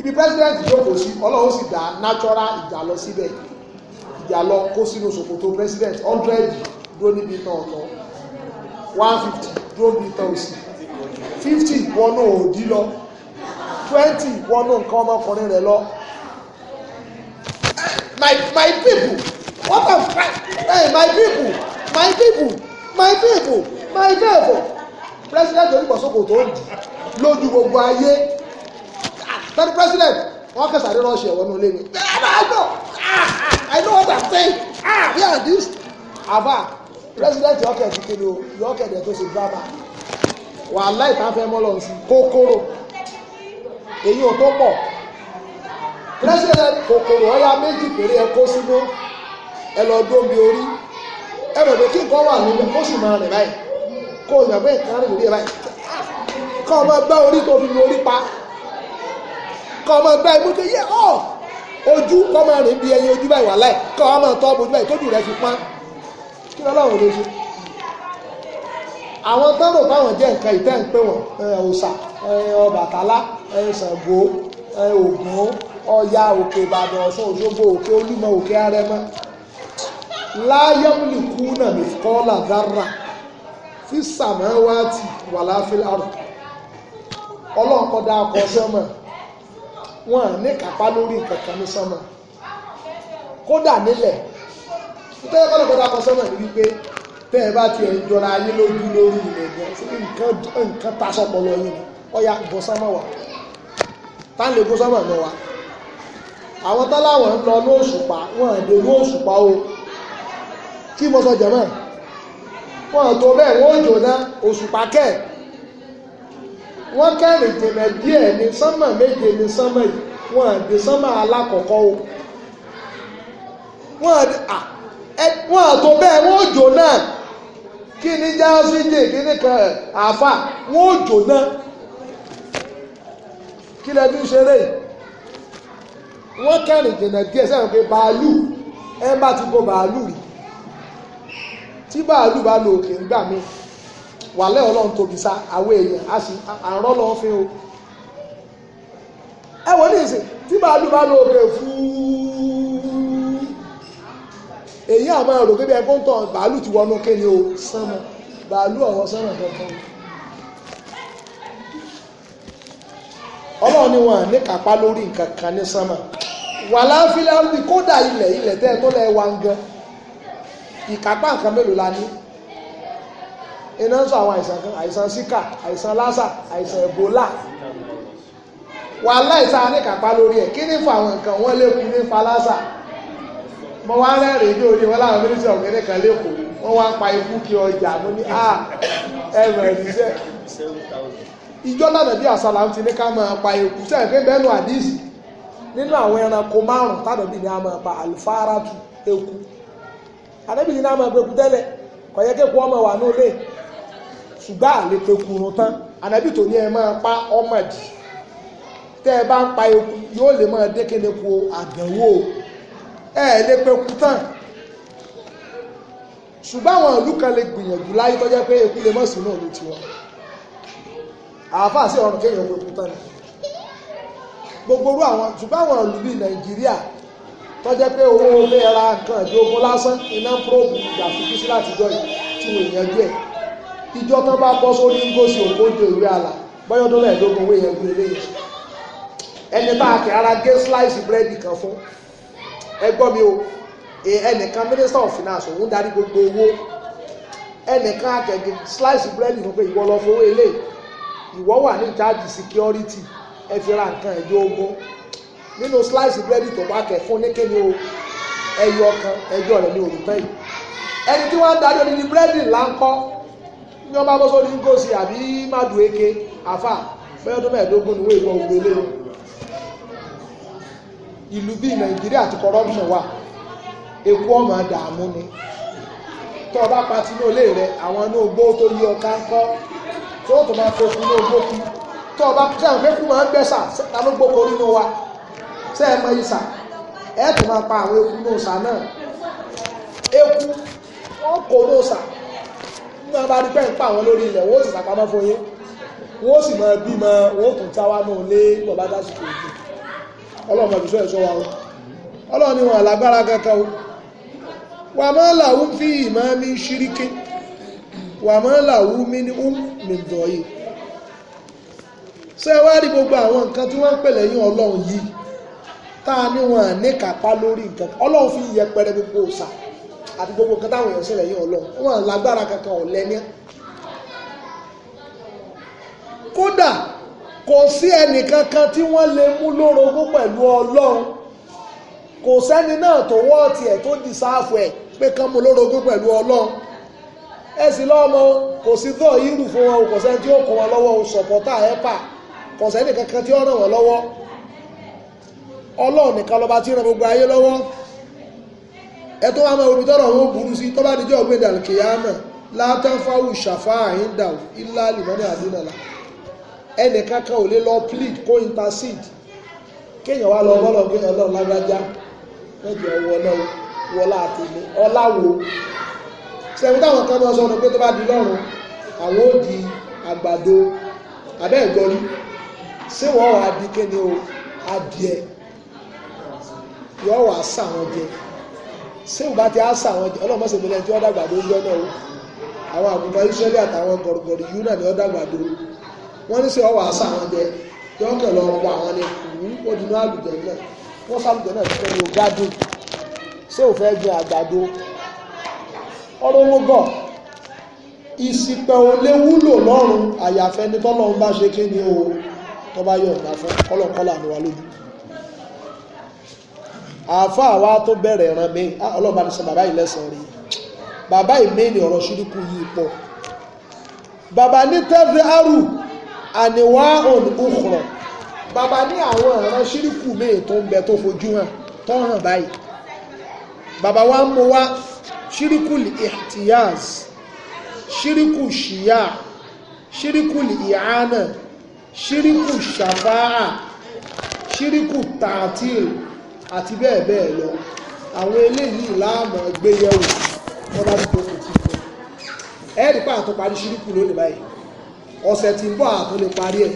ibi president jókòó sí ọlọ́run sì dá natural ìjàlọ síbẹ̀ ìjàlọ kó sínú ṣòkòtò president hundred dúró níbi náà náà one fifty dúró bíi tán òsì fifty wọnú òdì lọ twenty wọnú nǹkan ọmọkùnrin rẹ lọ my my people what am I hey my people my people my people my people president onígbàsókò tó ń dì lójú gbogbo ayé tẹ́lẹ̀ president wọ́n kẹsàrí rọ́ọ̀ṣì ẹ̀wọ̀n náà lé mi. I know what I'm saying ah where are these aba president ọkẹ̀ ti kéde o yọkẹ̀ dẹ̀ tó ṣe drama wàhálà ìtafẹ́ mọ́ lọ́n sí kókóró èyí ò tó pọ̀ president kòkòrò ọ̀yà méjì péré ẹ kó sínú ẹ lọ dó mi orí ẹ bẹ̀ pé kí nǹkan wà níbẹ̀ kó sì máa rìn báyìí kó o yàn pé nǹkan rìn lórí ẹ báyìí kọ́ ọmọ ẹgbẹ́ orí tó fi lu orí pa kọ́ ọmọ ẹgbẹ́ imú tó yẹ ọ́ ojú kọ́ ọmọ rìn bí ẹyin ojú báyìí wà láì kọ́ ọmọ tọ́ ọmọ ojú báyìí tó dùn rẹ fi pọ́n kí lọ́lọ́run lè ṣe àwọn tọ́rọ̀ báwọn jẹ́ nǹkan ìtẹ́ ń pè wọ́n ọ̀sà ọbàtálá ṣàngó ògún ọya òkè ìbàdàn ọ̀ṣun òṣogbo òkè olúmọ òkè arẹmọ láyọ̀mùlì kú náà mi kọ́ làdára fi sàmáwáàtì wà láfi àrùn ọlọ́ọ̀kọ́ dá akọ sọ́mọ̀ wọn à ní kápá lórí nǹkan kan ní sọ́mọ̀ kódà nílẹ̀ tó yẹ kọ́lọ̀ kọ́ta kọ sọ́nà ní wípé tẹ́ ẹ bá ti ẹ̀ ń jọra ayé lójú lórí ilẹ̀ gan sí nǹkan nǹkan ta sọpọlọ yín ni ọya bọ́ sámà wà tá lè bọ́ sámà lọ wa àwọn táláwọ̀ ń lọ ní òṣùpá wọn àdé ní òṣùpá o kí mo sọ jẹ̀mọ́ wọn tó bẹ́ẹ̀ wọ́n jò ná òṣùpá kẹ́ẹ̀ wọ́n kẹ́rìn tìmẹ̀ díẹ̀ ní sánmà méje ní sánmà yìí wọ́n àdé sánmà alákọ̀ọ́kọ́ o wọ́n àdé à wọn àtò bẹ́ẹ̀ wọn ò jò náà kí ni jáàsì jè kí ni kan àáfà wọn ò jò náà kí lẹ fi ṣeré wọn kẹrin jìnnà díẹ̀ sẹ́yìn pé bàálù ẹ bá ti bo bàálù rí tí bàálù bá lo òkè ńgbà mi wàlẹ́ ọlọ́run tóbi sa àwọn èèyàn a sì àrọ́ lọ́ọ́ fi o ẹ wọ́n ní ìsìn tí bàálù bá lo òkè fúú. èyí àwọn ẹ̀rọ gbé bí ẹ fún tán bàálù ti wọnú kí ni o sánmọ̀ bàálù ọ̀wọ́ sánmọ̀ kankan ọlọ́run ni wọn ní kápá lórí nǹkan kan ní sánmọ̀ wà láfílẹ̀ ọ̀rùbí kódà ilẹ̀ ilẹ̀ tẹ́ tó lẹ́ wa ń gan ìkápá nǹkan mélòó la ní iná ń sọ àwọn àìsàn kan àìsàn síkà àìsàn lásà àìsàn ẹ̀bólà wà láìsàn ní kápá lórí ẹ̀ kí ní fa àwọn nǹkan wọ́n lékun ní fa lásà mo wá rẹ́rìn ní láwọn mínísítà kan lẹ́kọ̀ọ́ wọ́n wá ọjà mo ní ah, ẹ̀rọ ìṣiṣẹ́ ìjọ bí àṣàlà ti ní ká máa pa ikú sẹ́yìn pé bẹ́ẹ̀ nù àdìsí nínú àwọn ẹranko márùn tàbí ní a máa pa àlùfáàràtù eku àdébí ní a máa pe eku tẹ́lẹ̀ kọ̀yẹ́kẹ́kọ̀ọ́ ọmọ wà ní olè ṣùgbọ́n àlè pe run tán ní ẹ máa pa tẹ́ ẹ bá ń pa yóò lè máa ẹ lè pe kú tán ṣùgbọ́n àwọn ìlú kan lè gbìyànjú láyé tọ́jọ́ pé eku lè mọ̀sùn náà ló ti wọ́n àáfàá sí ọ̀run kéèyàn pe kú tán ni gbogbo orú àwọn ṣùgbọ́n àwọn ìlú bíi Nàìjíríà tọ́jẹ́ pé owó ilé ẹra nǹkan ìjọ ogun lásán iná próòbù ìjà fífi sí látijọ́ yìí tí wọ́n èèyàn díẹ̀ ìjọ tán bá bọ́ sórí ngóṣì ògbóǹde ìwé àlà bọ́yọ́ tó lẹ́ẹ̀dógún owó èèyàn gbé eléyìí ẹni bá a kẹ́ ara gé slice búrẹ́dì kan fún ẹ gbọ́ mi o ẹnìkan minister of finance òun darí gbogbo owó ẹnìkan akẹ̀kẹ́ slice búrẹ́dì fún pé ìwọ lọ fowó ilé ìwọ wà ní ìtajà security ẹ fi ra nǹkan ẹ̀jọ́ ogún nínú slice búrẹ́dì tó bá kẹ̀ fún níkéni o ẹyọ kan ẹjọ́ rẹ̀ ní olùpẹ́ yìí ẹni tí wọ́n ń darí odidi búrẹ́dì láńkọ́ ní wọ́n bá bọ́ sórí ngosi àbí madu eke àfà fẹ́yọ́dún mẹ́ẹ̀ẹ́dógún ni wọ́n èèwọ̀ òwe lé ìlú bíi nàìjíríà ti corruption wà eku ọmọ dààmú ni tó o bá pa tinú ilé rẹ àwọn inú ogbó tó yí ọká ń kọ́ tó o tó máa fẹ́ fún inú ogbó kí tó o bá sẹ́wọ̀n pé kú máa ń gbẹ́sà ta ló gbóko nínú wa sẹ́ẹ̀ mọ ìsà ẹ̀ tó máa pa àwọn eku ní òòsà náà eku wọn kò ní òòsà nígbà bá rí pẹ́ǹpá àwọn lórí ilẹ̀ wọ́n sì sàpamọ́ fún yín wọ́n sì máa bímọ wọ́n tún táwa náà lé bàbá dásìkò ìdí ọlọ́run mọ̀ ìṣọ́ ẹ̀ṣọ́ wa o ọlọ́run ni wọn àlágbára kankan o wà mọ́ làwú fi ìmọ̀ mi ṣíríkí wà mọ́ làwú mi ní um mìdọ̀ yìí ṣé wá rí gbogbo àwọn nǹkan tí wọ́n ń pè lẹ́yìn ọlọ́run yìí tá a ní wọn àníkàpá lórí nǹkan ọlọ́run fi yẹpẹrẹ gbogbo òòṣà àti gbogbo nǹkan táwọn èèyàn sílẹ̀ ọlọ́run wọn àlágbára kankan kò sí ẹnìkankan tí wọ́n lè mú lórogún pẹ̀lú ọlọ́run kò sẹ́ni náà tó wọ́ tiẹ̀ tó di sáàfù ẹ̀ pé kán mú lórogún pẹ̀lú ọlọ́run ẹ sì lọ́mọ kò sí tó irú fún wọn kò sẹ́ni tí ó kún wọn lọ́wọ́ sọ̀pọ̀tà ẹ̀pà kò sẹ́ni kankan tí ó ràn wọ́n lọ́wọ́ ọlọ́run nìkan lọ́ba tí ràn gbogbo ayé lọ́wọ́ ẹ tó wá máa omi tọ́rọ̀ wọn burú sí tọ́ba níjọ́ ògbédàlùkìyàmọ̀ látàfáwù ṣàfáà ìdàwù ìlàlùmọ́nì àdínàlà ẹnì kankan ò lè lọ plead kó intercede kéèyàn wá lọ bọ́lọ̀ pé ọlọ́run lágbájá mẹ́jọ ọwọ́ náà wọlá àtẹ̀lé ọláwo sẹ́yìn táwọn kan máa sọ ọ́nà pé tó bá di lọ́rùn àwọn ò di àgbàdo abẹ́ ìgbọ́rí ṣé wọ́n wàá di kéde o adìẹ yọ wàá sà wọn jẹ ṣé wọ́n bá ti á sà wọn jẹ ọlọ́run mọ̀sẹ̀ mi lẹ́yìn tí wọ́n dàgbàdo ń jọ náà o àwọn àgùntàn Israẹli àtàwọn gọ̀rọ̀gọ̀rọ̀ yìí náà ni wọ́n dàgbàdo o wọ́n ní sẹ́ ọwọ́ àṣà àwọn jẹ yọ kàn lọ pọ àwọn ni kù ó di náà àlùjẹ náà wọ́n sálùjẹ náà fẹ́ ní gádùn ṣé ò fẹ́ gbin àgbàdo ọlọ́mọgọ́ ìsìpẹ̀ ò lè wúlò lọ́rùn àyàfẹ́ ní tọ́lọ́run bá ṣe kí ni o tó bá yọ̀ ọ̀dà fún kọ́lọ̀kọ́lọ̀ àmì wa lójú àáfàá wa tó bẹ̀rẹ̀ ìran mi ah, ọlọ́ba ní sọ bàbá yìí lẹ́sàn-án rí bàbá yìí mí ni ọ̀rọ̀ ṣíríkù yìí pọ̀ bàbá ní tẹ́fẹ́ àrù àníwá òun òkùrọ̀ bàbá ní àwọn ọ̀ràn ṣíríkù míì tó ń bẹ tó fojú hàn tó hàn báyìí bàbá wa ń mú wá ṣíríkù ihtiyaz ṣíríkù ṣíyà ṣíríkù ìhánà ṣíríkù ṣàfáà ṣíríkù tààtìl àti bẹ́ẹ̀ bẹ́ẹ̀ lọ àwọn eléyìí láàmú ẹgbẹ́yẹ̀wò wọn bá tó kò tí ẹ rí pàtó parí ṣíríkù lónìí báyìí ọsẹ ti ń bọ̀ àtún lè parí ẹ̀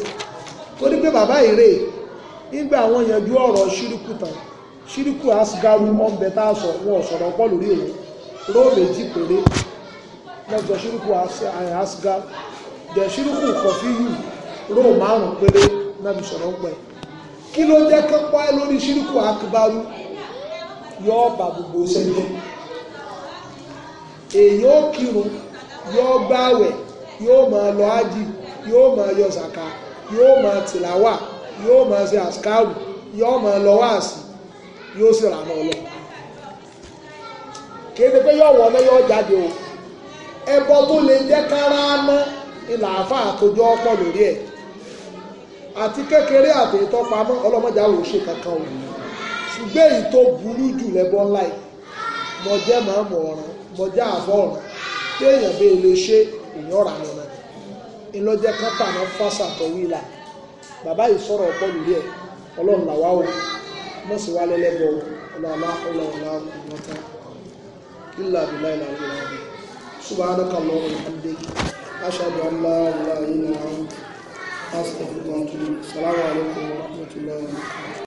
torí pé bàbá ìrè nígbà àwọn yanjú ọrọ ṣíríkù tán ṣíríkù asgaru ọ̀nbẹ tá a sọ wọn ò sọ̀rọ̀ pọ̀ lórí òun ró méjì péré ṣíríkù jẹ ṣíríkù kọfíyù ró márùn péré náà sọrọ gbogbo èyí ó kírun yọ yóò máa lọ ájì yóò máa yọ sàkà yóò máa tìláwà yóò máa ṣe àṣkáwù yóò máa lọ wáàsì yóò sì rànà ọlọ kéde pé yóò wọlé yóò jáde o ẹbọ tó lè jẹ́ kára ná ilà àfa àtòjọ ọ̀pọ̀ lórí ẹ̀ àti kékeré àti ìtọpamọ ọlọmọdé àwọn òṣè kankan o ṣùgbọ́n èyí tó burú jù lẹbọ ńlá yìí mọjẹ máa mọ ọ̀ràn mọjẹ àfọ ọ̀ràn téèyàn bẹ́ẹ̀ lè ṣe é èyí ọ̀rà lọ náà ìlọ́jẹ́ kápá náà fásà tọ̀wé la bàbá yìí sọ̀rọ̀ ọ̀pọ̀ lórí ẹ̀ ọlọ́run làwa o mọ̀ sí wa lẹ́lẹ́bọ̀ ọlọ́run ọlọ́run ọlọ́run إلا بالله العلي العظيم سبحانك اللهم وبحمدك أشهد أن لا إله إلا أنت أستغفرك وأتوب إليك السلام عليكم ورحمة الله وبركاته